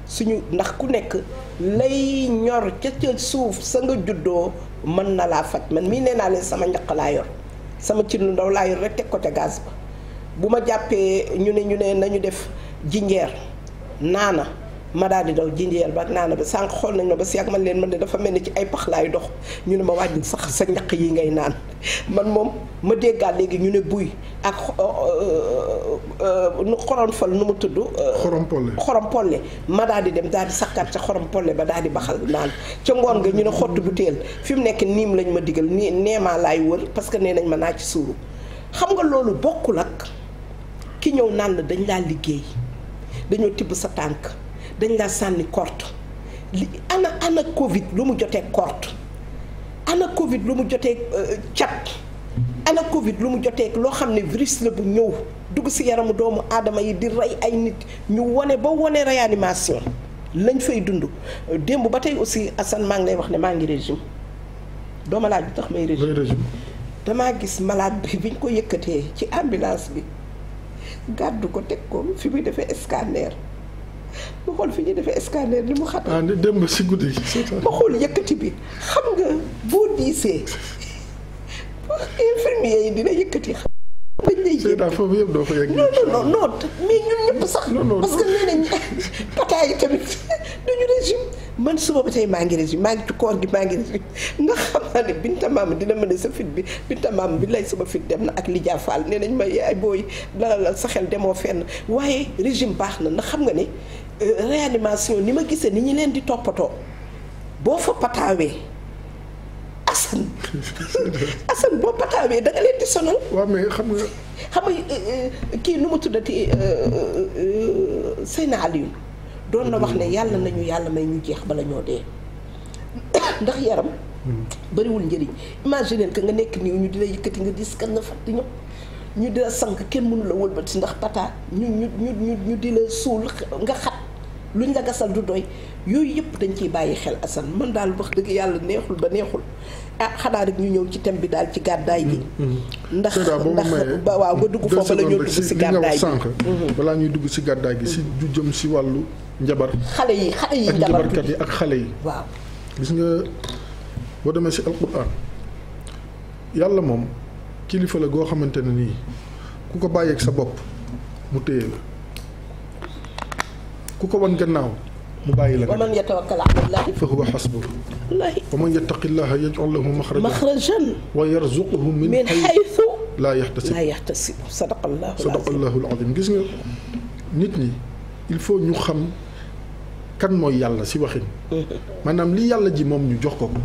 suñu ndax ku nekk lay ñor ca suuf sa nga juddoo mën na laa faj man mii nee naa leen sama njaq laa yor sama cin lu ndaw laa yor rek teg ko ca gaz ba bu ma jàppee ñu ne ñu ne nañu def jinjeer naana ma daal di daw jinjeel ba naana ba sànq xool nañ ma ba si ak man leen man ne dafa mel ni ci ay pax laay dox ñu ne ma wàññi sax sa ñaq yi ngay naan man moom ma déggaat léegi ñu ne buy ak euh, euh, euh, nu xorom fal nu mu tudd. xorom xorom polle ma di dem daal di sakkaat ca xorom polle ba daal di baxal naan ca ngoon nga ñu ne xottu du teel fi mu nekk niim lañ ma digal nii neemaa laay wër parce que nee nañ ma naaj ci suuru xam nga loolu bokkul ak ki ñëw naan la dañ laa liggéey dañoo tibb sa tànk. dañ laa sànni korte li ana ana Covid lu mu jotee korte ana Covid lu mu jotee euh, cat ana Covid lu mu jotee loo xam ne virus la bu ñëw dugg si yaramu doomu aadama yi di rey ay nit ñu wone ba wone réanimation lañ fay dund démb ba tey aussi assan maa ngi lay wax ne maa ngi régime dooma laaj bi tax may régime damaa gis malade bi biñ ko yëkkatee ci ambulance bi gàddu ko teg ko fi muy defee scanner ma xool fi ñuy defee scanner ni mu xat ah ni si guddi gi ma xool yëkkati bi xam nga boo diisee infirmier yi dina yëkkati xam bañ lay yéen foofu doo fa yegg non non non mais ñun ñëpp sax. parce que nañ pataa tamit duñu régime man suba ba tey maa ngi régime maa ngi ci koor gi maa ngi régime nga xam naa ne Binta Maam dina ma ne sa fit bi Binta Maam bi lay sama fit dem na ak Lidia Fall nee nañ may ay booy dalal sa xel demoo fenn waaye régime baax na ndax xam nga ni euh, réanimation ni ma gisee ni ñu leen di toppatoo boo fa pataawee. Assane Assane boo pataawee da nga leen di sonal. waaw mais xam nga. xam nga euh, kii nu mu tuddati euh, euh, Seyna Aliou doon na wax ne yàlla nañu yàlla may ñu jeex bala ñoo dee ndax yaram. bariwul njëriñ imagine que nga nekk nii ñu dina yëkkati nga dis kan na fàtti ñëpp ñu dina sank kenn mënula la wëlbati ndax pata ñu ñu ñu ñu di la suul nga xat. luñ la gasal du doy yooyu yëpp dañ ciy bàyyi xel Assane man daal wax dëgg yàlla neexul ba neexul ah xanaa rek ñu ñëw ci thème bi daal ci gàddaay gi. Mm-hmm. Mm-hmm. ndax ndax ba waaw nga dugg foofu la ñoo dugg si gàddaay gi balaa ñuy dugg si gàddaay gi si du mm-hmm. jëm si wàllu njabar. xale yi xale yi njabar ak njabarkat yi ak xale yi. waaw gis nga boo demee si alquran yàlla moom kilifa la goo xamante ne nii ku ko bàyyeeg sa bopp mu téye la. ku ko wan gannaaw mu bàyyi la wa man yatawakkal ala llahi fa huwa xasbu wa man yattaqi llaha yaj'al lahu maxrajan wa yarzuquhu min xaytu laa yaxtasib laa yaxtasib sadaqallahu alazim gis nga nit ñi il faut ñu xam kan mooy yàlla si waxin maanaam li yàlla ji moom ñu jox ko ko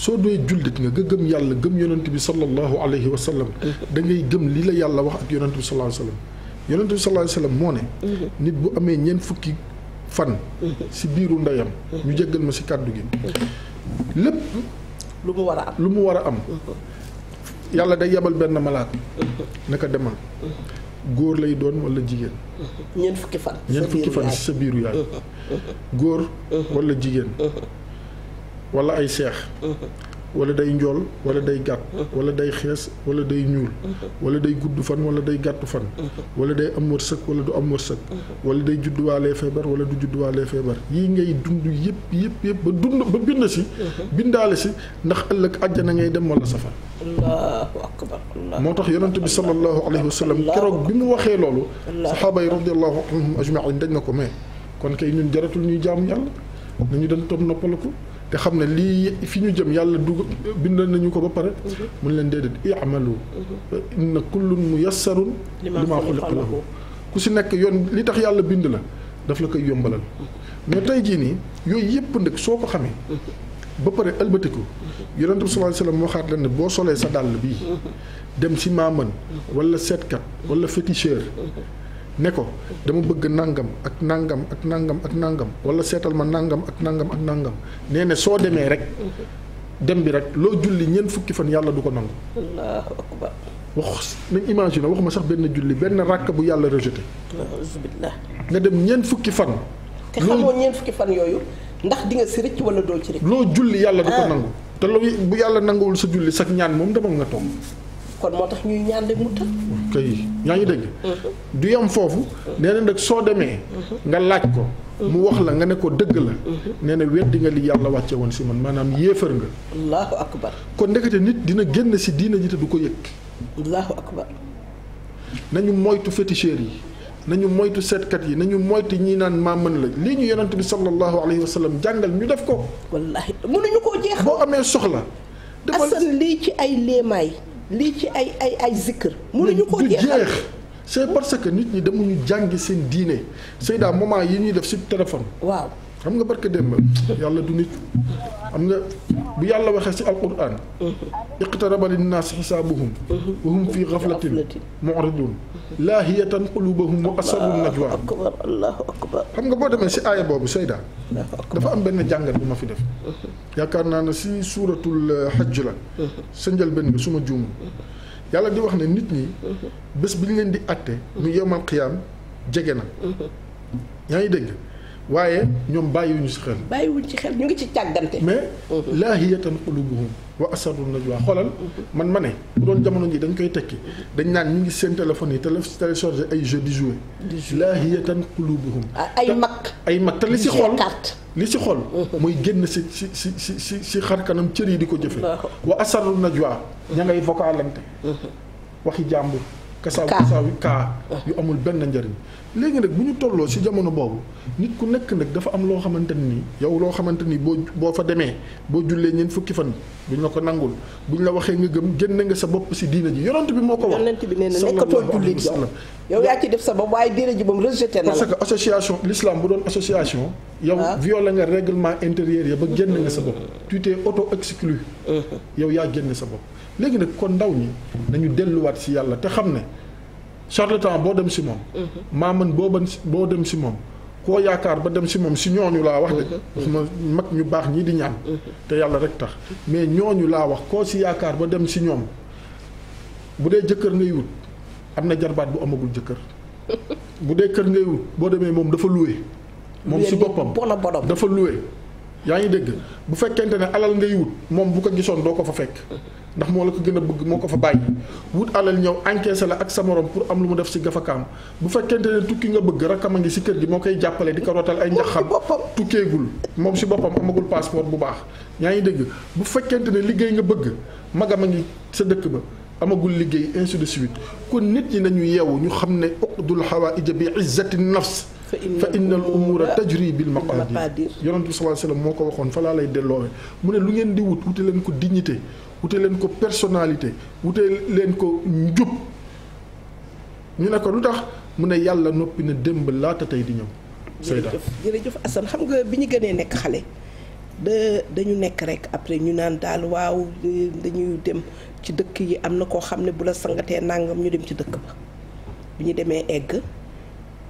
soo dee jullit nga nga gëm yàlla gëm yonent bi sallallahu alayhi wa sallam mm-hmm. da ngay gëm li la yàlla wax ak yonent bi sallallahu alayhi yonent bi sallallahu alayhi wa sallam moo ne. Mhm. nit bu amee ñeent fukki fan. si mhm. biiru ndeyam. Mhm. ñu jéggal ma si kàddu gi. lépp lu mu war a am lu mu war a am. yàlla day yebal benn malaat naka demal. góor lay doon wala jigéen. ñeent fukki fan. ñeent fukki si sa biiru yaay. góor wala jigéen. wala ay seex. wala day njool wala day gàtt mm-hmm. wala day xees wala day ñuul mm-hmm. wala day gudd fan wala day gàtt fan mm-hmm. wala day am wërsëg wala du am wërsëg wala day judduwaalee feebar wala du judduwaalee feebar yii ngay dund yëpp yëpp yëpp ba dund ba bind si bindaale si ndax ëllëg àjjana ngay dem wala safar allahu akbar moo tax yonente bi sallallahu alayhi keroog bi mu waxee loolu saxaaba yi radiallahu anhum dañ na ko mais kon kay ñun jaratul ñuy jaamu yàlla ñu dem toog noppal ko xam ne lii fi ñu jëm yàlla dugg bindal nañu ko ba pare. Mhm. mun leen dee déedéet i'malu. Mhm. inna kullun muyassarun limaa xuliqa lahu ku si nekk yoon li tax yàlla bind la daf la koy yombalal mhm. mais tey jii nii yooyu yëpp ndëkk soo ko xamee. ba pare ëlbatiku yonent bi sallallahu alayhi wasallam waxaat la ne boo solee sa dàll bii dem si maaman wala seetkat wala féticheur ne ko dama bëgg nangam ak nangam ak nangam ak nangam wala seetal ma nangam ak nangam ak nangam nee ne soo demee rek dem bi rek loo julli ñeent fukki fan yàlla du ko nangu. allahu akbar wax nañ imaginer waxuma sax benn julli benn ràkk bu yàlla rejeté. nga dem ñeent fukki fan. te xamoo ñeent fukki fan yooyu ndax di si rëcc wala doo ci rëcc. loo julli yàlla du ko ah. nangu. te loolu bu yàlla nanguwul sa julli sax ñaan moom demal nga toog. kon moo tax ñuy ñaan rek mu tëdd. kay yaa ngi dégg. Mm-hmm. du yam foofu. Mm-hmm. nee na nag soo demee. Mm-hmm. nga laaj ko. mu wax la nga ne ko dëgg la. nee na weddi nga li yàlla wàcce woon si man maanaam yéefar nga. allahu kon ndekete nit dina génn si diina ñi te du ko yëg. allahu nañu moytu féticheurs yi. nañu moytu seetkat yi nañu moytu ñi naan maa mën la lii ñu yonent bi sallallahu alayhi wa sallam jàngal ñu def ko. wallaahi mënuñu koo jeex. boo amee soxla. demal lii ci ay léemaay. lii ci ay ay ay zikr. mënuñu ko jeexal c'est parce que nit ñi demuñu jàngi seen diine. Seyda hmm. moment yi ñuy def ci téléphone. waaw. xam nga barke démb yàlla du nit am nga bu yàlla waxee ci alquran iqtaraba linnaas xisaabuhum wa hum fi gaflatin muridun laahiyatan qulubahum wa asarru najwa allahu xam nga boo demee si aaya boobu sayda dafa am benn jàngat bu ma fi def yaakaar naa ne si suuratul xajj euh, la sa njëlbéen bi suma ma yàlla di wax ne nit ñi bés bi ñu leen di atte mu yowmal qiyaam jege na yaa ngi dégg waaye ñoom bàyyiwuñu si xel. bàyyiwuñ ci xel ñu ngi ci càggante. mais mhm. laahiyatan qulubuhum wa asarru najwa xoolal man ma ne bu doon jamono ji dañ koy tekki dañ naan ñu ngi seen téléphone yi téléchargé ay jeux di jouer. di jouer laahiyatan qulubuhum ah, ay mag ay mag te li si xool li si xool. Mhm. mooy génn si si si si si si xar kanam cër yi di ko jëfe wa asarru najwa ña ngay vocalante. Mhm. waxi jàmbur. kasaaw kasaaw kaa ah. yu amul benn njëriñ. léegi nag bu ñu tolloo ci jamono boobu nit ku nekk nag dafa am loo xamante ni yow loo xamante ni boo boo fa demee boo jullee ñeent fukki fan buñ la ko nangul bu ñu la waxee nga gëm génne nga sa bopp ci diina ji yonent bi moo ko wax. yonent bi nee na nekkatoo jullit yow yaa ci def sa bopp waaye diina ji ba mu rejeté na la. parce que association l'islam bu doon association. yow ah. violé nga règlement intérieur ba génn nga sa bopp. tu t'es auto exclu. Uh-huh. yow yaa génne sa bopp léegi nag kon ndaw ñi nañu delluwaat ci yàlla te xam ne. charlatan boo dem si moom. Mhm. maaman boo ban boo dem si moom. koo yaakaar ba dem si moom si ñooñu laa wax de. Mhm. Mhm. wax ma mag ñu baax ñii di ñaan. te yàlla rek tax mais ñooñu laa wax koo si yaakaar ba dem si ñoom bu dee jëkkër ngay wut am na jarbaat bu amagul jëkkër. bu dee kër ngay wut boo demee moom dafa loué. moom si boppam dafa loué. yaa ngi dégg bu fekkent ne alal ngay wut moom bu ko gisoon doo ko fa fekk ndax moo la ko gën a bëgg moo ko fa bàyyi wut alal ñëw encaissé la ak sa morom pour am lu mu def si gafakaam bu fekkente ne tukki nga bëgg rakkam a ngi si kër gi moo koy jàppale di ko rotal ay njaxam tukkeegul moom si boppam amagul passeport bu baax yaa ngi dégg bu fekkente ne liggéey nga bëgg magam a ngi sa dëkk ba amagul liggéey ainsi de suite kon nit ñi nañu yeewu ñu xam ne uqdul hawaïja bi izzati nafs fa innal umura tajri bil maqadir yonent bi moo ko waxoon fa laa lay delloowee mu ne lu ngeen di wut wute leen ko dignité wutee leen ko personnalité wutee leen ko njub ñu ne ko lu tax mu ne yàlla noppi na démb laata tey di ñëw Seyda jërëjëf Assane xam nga bi ñu gënee nekk xale da dañu nekk rek après ñu naan daal waaw dañuy dem ci dëkk yi am na koo xam ne bu la sangatee nangam ñu dem ci dëkk ba bi ñu demee egg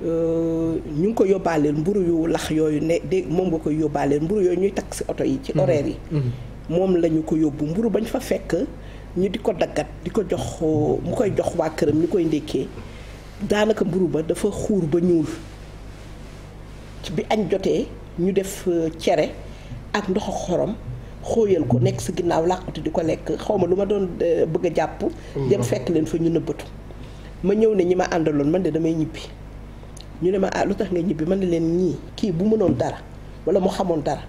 Euh, ñu ngi ko yóbbaaleel mburu yu lax yooyu ne dégg moom nga koy yóbbaaleel mburu yooyu ñuy takk si oto yi ci mhm. horaire yi mhm. moom lañu ko yóbbu mburu bañ fa fekk ñu di ko daggat di ko jox euh, mu koy jox waa këram ñu koy ndékkee daanaka mburu ba dafa xuur ba ñuul ci bi añ jotee ñu def euh, cere ak ndoxu xorom xóoyal ko nekk si ginnaaw làqatu di ko lekk xaw ma lu ma doon bëgg a jàpp mm. dem fekk leen fa ñu nëbbatu ma ñëw ne ñi ma àndaloon man de damay ñibbi ñu ne ma ah lu tax nga ñibbi man na leen ñii kii bu mënoon dara wala mu xamoon dara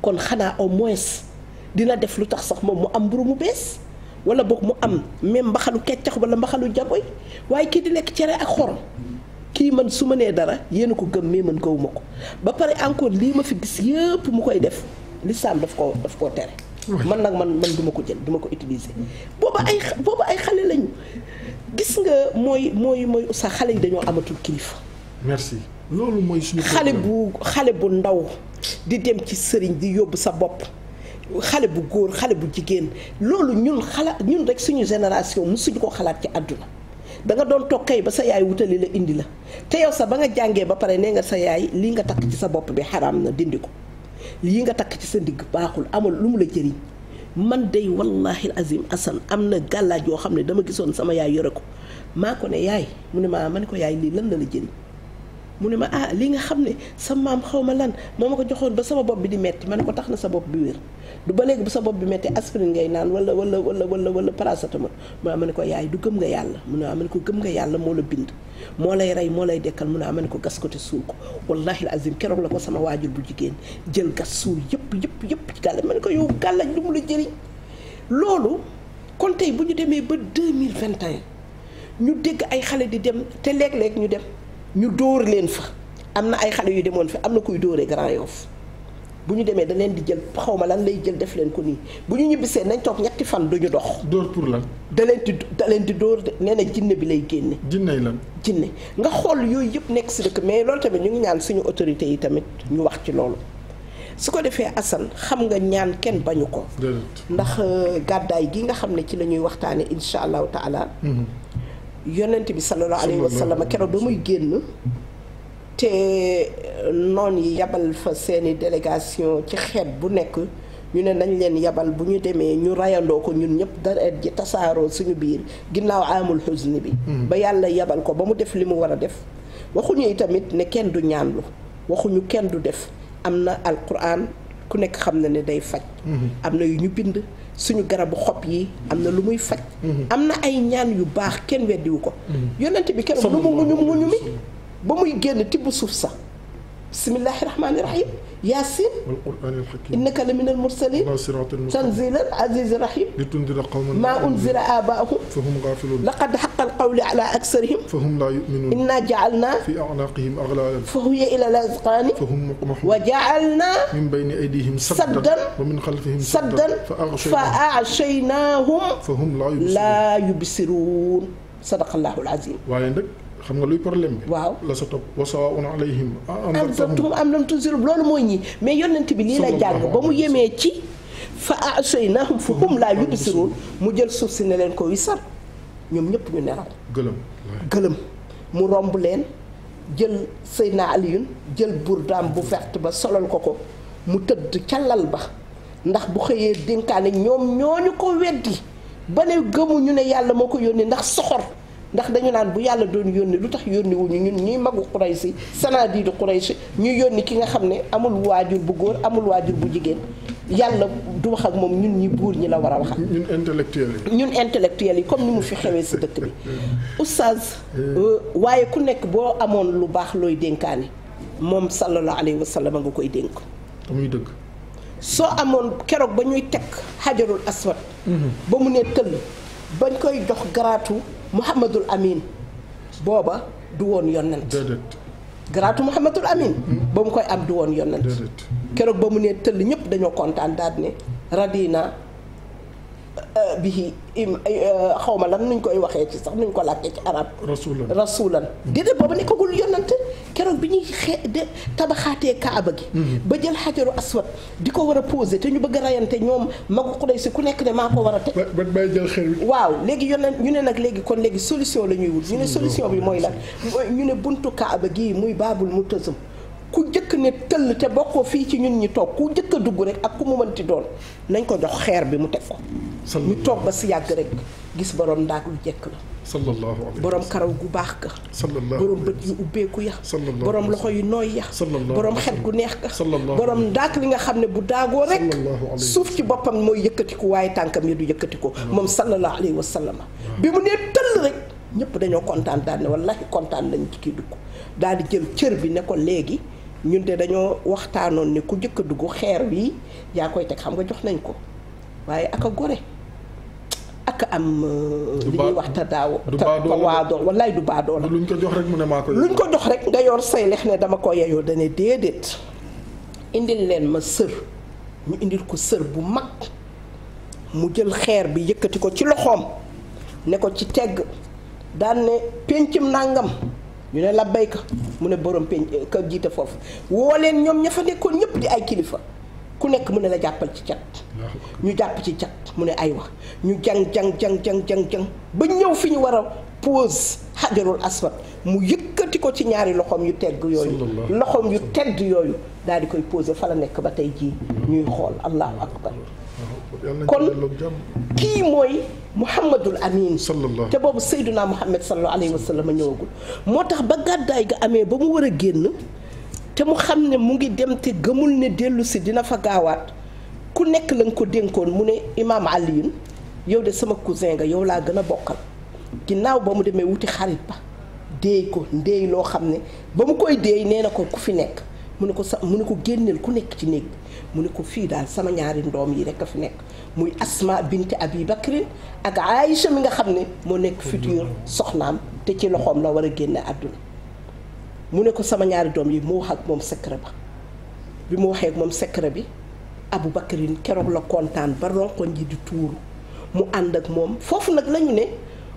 kon xanaa au moins dina def lu tax sax moom mu am mburu mu bees wala boog mu am même mbaxalu keccax wala mbaxalu jaboy waaye kii di lekk cere ak xorom kii man su ma nee dara yéen ko gëm mais man gëwuma ko ba pare encore lii ma fi gis yëpp mu koy def lislaam daf koo daf koo tere man nag man man duma ko jël duma ko utiliser booba ay booba ay xale lañu gis nga mooy mooy mooy sax xale yi dañoo amatul kilifa merci loolu mooy xale bu xale bu ndaw di dem ci sëriñ di yóbbu sa bopp xale bu góor xale bu jigéen loolu ñun xalaat ñun rek suñu génération musuñu ko xalaat ci àdduna da nga doon toog kay ba sa yaay wutali la indi la te yow sax ba nga jàngee ba pare nee nga sa yaay lii nga takk ci sa bopp bi xaraam na dindi ko lii nga takk ci sa ndigg baaxul amul lu mu la jëriñ man day wallahi azim asan am na gàllaaj yoo xam ne dama gisoon sama yaay yore ko maa ko ne yaay mu ne maa ma ne ko yaay lii lan la la jëriñ mu ne ma ah li nga xam ne sa maam xaw ma lan moo ma ko joxoon ba sama bopp bi di metti ma ne ko tax na sa bopp bi wér du ba léegi bu sa bopp bi metti aspirine ngay naan wala wala wala wala wala paracetamol mu ne ma ne ko yaay du gëm nga yàlla mu ne ma ko gëm nga moo la bind moo lay rey moo lay dekkal mu ne ma ne ko gas ko te suul ko wallahi al azim keroog la ko sama waajur bu jigéen jël gas suul yëpp yëpp yëpp ci gàlla ma ne ko yow gàllañ du mu la jëriñ loolu kon tey bu ñu demee ba mille 2021 ñu dégg ay xale di dem te léeg-léeg ñu dem ñu dóor leen fa am na ay xale yu demoon fi am na kuy dóoree Grand Yoff bu ñu demee da leen di jël xaw ma lan lay jël def leen ko nii bu ñu ñibbisee nañ toog ñetti fan duñu dox. dóor pour lan. da leen di da leen di dóor nee na jinne bi lay génne. jinne lan jinne nga xool yooyu yëpp nekk si dëkk mais loolu tamit ñu ngi ñaan suñu autorités yi tamit ñu wax ci loolu. su ko defee Assane xam nga ñaan kenn bañu ko. ndax euh, gàddaay gi nga xam ne ci la ñuy waxtaanee incha allahu taala. Mm-hmm. yonent bi sallallahu alayhi wa sallam keroog ba muy génn te noon yi yabal fa seeni délégation ci xeeb bu nekk ñu ne nañ leen yabal bu ñu demee ñu rayandoo ko ñun ñëpp dareet ji tasaaroo suñu biir ginnaaw amul xusni bi hmm. ba yàlla yabal ko ba mu def li mu war a def waxuñu itamit ne kenn du ñaanlu waxuñu kenn du def am na alquran ku nekk xam na ne day faj hmm. am na yu ñu bind suñu garabu xob yi am na lu muy faj mhm. am na ay ñaan yu baax kenn weddiwu ko mhm. yonent bi keroog lu mu muñu muñu mi ba muy génn tibb suuf sax bismillahi rahmaani rahim yaasin innaka la min al mursalin tanzilan aziz rahim litundira qawman maa unzira aabaahum fahum gaafiluun laqad xaqa al qawli ala aksarihim fahum laa yuminuun inna jaalnaa fi anaaqihim aglaalan fahiya ila al azqaani fahum muqmahuun wa jaalnaa min bayni aydihim saddan wa min xalfihim saddan fa agsaynaahum fahum laa yubsiruun sadaqallaahu al aziim waaye nag xam nga luy problème bi. waaw la sa topp wa sawaa'un alayhim anzartahum am lam tunzirhum loolu mooy ñi mais yonent bi lii la jàng ba mu yemee ci fa a a'shaynahum fa hum laa yubsiruun mu jël suuf si ne leen ko wisar ñoom ñëpp ñu ne neraw. gëlëm gëlëm mu romb leen jël Seydina Aliyun jël burdaam bu vert ba solal ko ko mu tëdd ca lal ba ndax bu xëyee dénkaane ñoom ñooñu ko weddi ba ne ñu ne yàlla moo ko yónni ndax soxor. ndax dañu naan bu yàlla doon yónni lu tax yónni ñu ñun ñuy magu Quraysh sanaadiidu Quraysh ñu yónni ki nga xam ne amul waajur bu góor amul waajur bu jigéen yàlla du wax ak moom ñun ñi buur ñi la war a waxal. ñun intellectuels yi. ñun intellectuels yi comme ni mu fi xewee si dëkk bi oustaz. Eh. Euh, waaye ku nekk boo amoon lu baax looy dénkaane moom sallallahu alayhi wa sallam nga koy dénk. muy dëgg. soo amoon keroog ba ñuy teg xajarul aswad. Mm-hmm. ba mu nee tëll bañ koy jox garaatu. Mouhamadul Amin booba du woon yonent garaatu Mouhamadul Amin mm-hmm. ba mu koy am du woon yonent keroog ba mu nee tëll ñëpp dañoo kontaan daal ne radina bi eh, xaw ma lan nuñ koy waxee ci sax nuñ ko làkkee ci arab rasulan rasulan hmm. déedéet booba nekkagul yonante keroog bi ñu xee de tabaxaatee kaaba gi hmm. ba jël xajaru aswad di ko war a posé te ñu bëgg a rayante ñoom magu xuday si ku nekk ne maa ko war a teg bay jël xel waaw léegi yonent ñu ne nag léegi kon léegi solution la ñuy wut ñu ne hmm. solution bi mooy lan ñu ne buntu kaaba gii muy baabul mu tësum ku njëkk ne tëll te bokkoo fii ci ñun ñi toog ku njëkk dugg rek ak ku mu mënti doon nañ ko jox xeer bi mu teg ko. ñu toog ba si yàgg rek gis borom ndaag lu jekk la. sallallahu borom karaw gu baax ka. sallallahu borom bët yu ubbeeku ya. sallallahu borom loxo yu nooy ya. sallallahu borom xet gu neex ka. sallallahu borom ndaak li nga xam ne bu daagoo rek. suuf ci boppam mooy yëkkatiku waaye tànkam yi du yëkkati yëkkatiku. moom sallallahu alayhi wa sallam. bi mu nee tëll rek ñëpp dañoo kontaan daal ne wallahi kontaan lañ ci kii dugg daal di jël cër bi ne ko léegi ñun de dañoo waxtaanoon ni ku jëkk a dugg xeer bi yaa koy teg xam nga jox nañ ko waaye aka gore ak am euh, li ñuy wax te daaw tawaadoo wallaay du baadoo lu luñ ko jox rek mu ne maa luñ ko jox rek nga yor say lex ne dama ko yeyoo dane déedéet indil leen ma sër ñu indil ko sër bu mag mu jël xeer bi yëkkati ko ci loxoom ne ko ci tegg daan ne péncum nàngam ñu ne labbayka mu ne borom peñ eh, ka jiite foofu woo leen ñoom ña fa nekkoon ñëpp di ay kilifa ku nekk mu ne la jàppal ci cat ñu jàpp ci cat mu ne ay wax ñu jang jang jang jang jang jang ba ñëw fi ñu war a pose xajarul aswad mu yëkkati ko ci ñaari loxoom yu tedd yooyu loxoom yu tedd yooyu daal di koy posé fa la nekk ba tey jii ñuy xool allahu akbar kon kii mooy Muhammadul Amin te boobu Seydunaa Muhammad sallallahu alayhi wa sallam ñëwagul moo tax ba gàddaay ga amee ba mu war a génn te mu xam ne mu ngi dem te gëmul ne dellusi dina fa gaawaat ku nekk la ko dénkoon mu ne imaam Aliyun yow de sama cousin nga yow laa gën a bokkal ginnaaw ba mu demee wuti xarit ba déey ko ndéey loo xam ne ba mu koy déey nee na ko ku fi nekk mu ne ko sa mu ne ko génneel ku nekk ci néeg mu ne ko fii daal sama ñaari doom yi rek a fi nekk muy Asma binti Abi Bakrin ak Aïcha mi nga xam ne moo nekk futur soxnaam te ci loxoom la war a génne àdduna mu ne ko sama ñaari doom yi mu wax ak moom secret ba bi mu waxee ak moom secret bi Abu Bakrin keroog la kontaan ba ronkoñ ji di tuuru mu ànd ak moom foofu nag lañu ne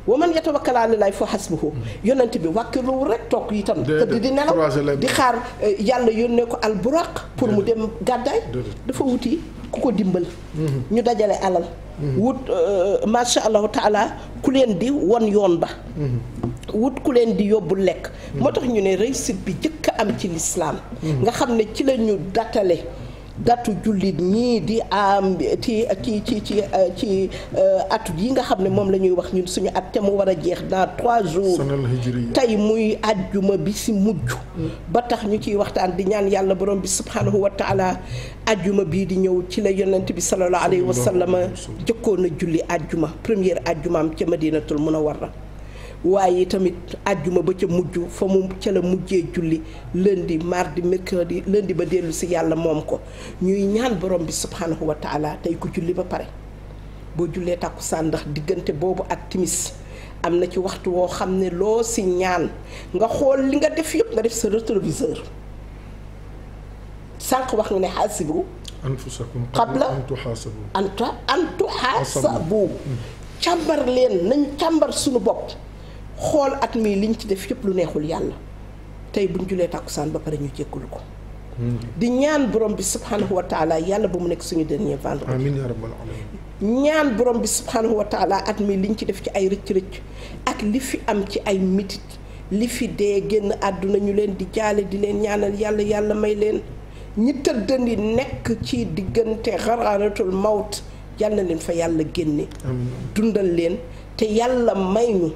wa man yatawakkal ala llaahi fa ko yonent bi wàkkirluwul rek toog tam tëdd di nelaw di xaar yàlla yónnee ko alburaq pour mu dem gàddaay dafa wuti ku ko dimbal ñu dajale alal wut masha allahu taala ku leen di won yoon ba wut ku leen di yóbbu lekk moo tax ñu ne réussite bi jëkk am ci lislaam nga xam ne ci la ñu datale gàttu jullit ñii di am ci ci ci ci euh, ci euh, at yi nga xam ne moom la ñuy wax ñun suñu at te mu war a jeex dans trois jours tey muy ajjuma bi si mujj ba tax ñu ciy waxtaan di ñaan yàlla borom bi subhaanahu wa taala ajjuma bii di ñëw ci la yonent bi sallallahu alayhi wa sallam jëkkoon a julli ajjuma première ajjumaam ca madinatul munawwara waaye tamit àjjuma ba ca mujj fa mu ca la mujjee julli lundi mardi mercredi lundi ba dellu si yàlla moom ko ñuy ñaan borom bi subhanahu wa tey ku julli ba pare boo jullee tàkkusaan ndax diggante boobu ak timis am na ci waxtu woo xam ne loo si ñaan nga xool li nga def yëpp nga def sa rétroviseur sànq wax nga ne xaasibu anfusakum qabla an tuxaasabu anta an tuxaasabu càmbar leen nañ càmbar suñu bopp xool at mii liñ ci def yépp lu neexul yàlla tey buñ julee tàkkusaan ba pare ñu jéggul ko hmm. di ñaan borom bi subhanahu wa taala yàlla ba mu nekk suñu dernier vendredi amiin yaa rabbal ñaan borom bi subhanahu wa taala at mi liñ ci def ci ay rëcc-rëcc ak li fi am ci ay mitit li fi dee génn àdduna ñu leen di jaale di leen ñaanal yàlla yàlla may leen ñi tëddandi nekk ci diggante xaraaratul mawt yàlla leen fa yàlla génne dundal leen te yàlla may ñu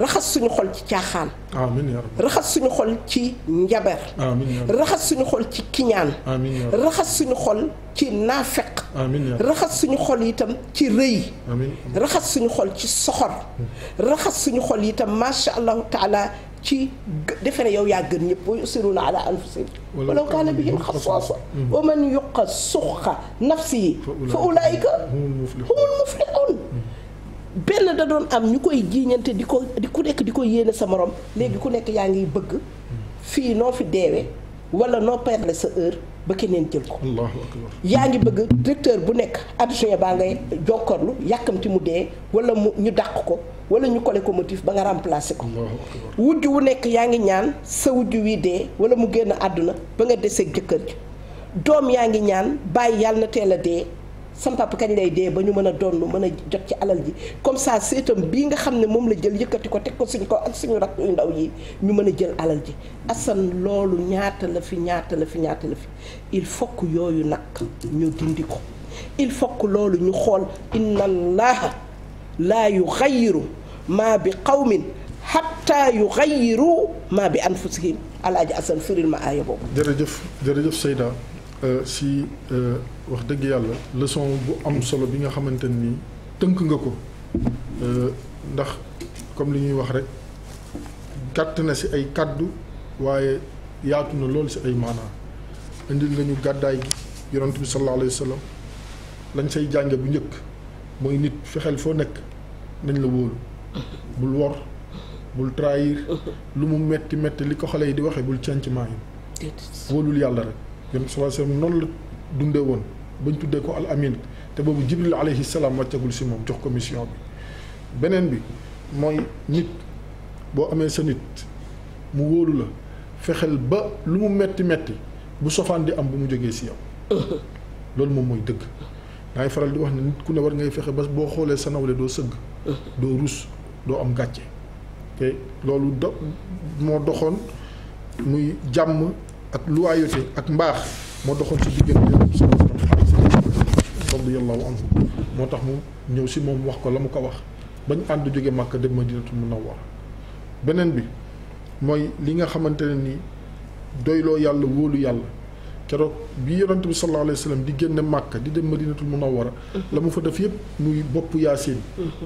raxas suñu xol ci caaxaan raxas suñu xol ci njaber raxas suñu xol ci kiñaan raxas suñu xol ci naafeq raxas suñu xol itam ci rëy raxas suñu xol ci soxor raxas suñu xol itam masha allahu taala ci defe ne yow yaa gën ñëpp wa yusiruna ala anfusihim walaw kaana bihim xasaasa wa man yuqa suqa nafsihi fa ulaika humul muflihun benn da doon am ñu koy jiiñante di ko di ku nekk di ko yéene sa moroom léegi ku nekk yaa ngi bëgg fii noo fi deewee wala noo perdre sa heure ba keneen jël ko yaa ngi bëgg directeur bu nekk adjoint baa ngay jokkorlu yàkkamti mu dee wala mu ñu dàq ko wala ñu kole ko motif ba nga remplacer ko wujj wu nekk yaa ngi ñaan sa wujj wi dee wala mu génn àdduna ba nga desee jëkkër ji doom yaa ngi ñaan bàyyi yàlla na teel a dee sam papa kañ lay dee ba ñu mën a donn mën a jot ci alal ji comme ça seetam bii nga xam ne moom la jël yëkkati ko teg ko suñ ko ak suñu rakk yu ndaw yi ñu mën a jël alal yi Assane loolu ñaata la fi ñaata la fi ñaata il faut yooyu nag ñu dindi ko il faut loolu ñu xool inna allaha laa yu yuxayiru maa bi qawmin xatta yuxayiru maa bi an anfusihim alaaji Assane firil ma aaya boobu jërëjëf jërëjëf Seyda Euh, si euh, wax dëgg yàlla leçon bu am solo bi nga xamante nii tënk nga ko euh, ndax comme li ñuy wax rek gàtt na si ay kàddu waaye yaatu na loolu si ay maanaa indil nga ñu gàddaay gi yonent bi sallallahu alayhi lañ say jànge bu njëkk mooy nit fexeel foo nekk nañ la wóolu bul wor bul trahir lu mu metti metti li ko xale yi di waxee bul cànc maayu wóolul yàlla rek yonent sallallahu alayhi noonu la dunde woon bañ tuddee ko al amin te boobu jibril alayhi salaam wàccagul si moom jox ko mission bi beneen bi mooy nit boo amee sa nit mu wóolu la fexeel ba lu mu metti metti bu sofaan di am bu mu jógee si yow loolu moom mooy dëgg daay faral di wax ne nit ku ne war ngay fexe ba boo xoolee sa nawle doo sëgg doo ruus doo am gàcce te loolu do moo doxoon muy jàmm ak loyauté ak mbaax moo doxoon ci diggante suñu radiyallahu anhu tax mu ñëw si moom wax ko la mu ko wax bañ ànd jóge Màkka dem Madinatul Munawwara beneen bi mooy li nga xamante ne nii doyloo yàlla wóolu yàlla keroog bi yonante bi sallallahu alayhi wa di génne Màkka di dem Madinatul Munawwara la mu fa def yëpp muy bopp yaasin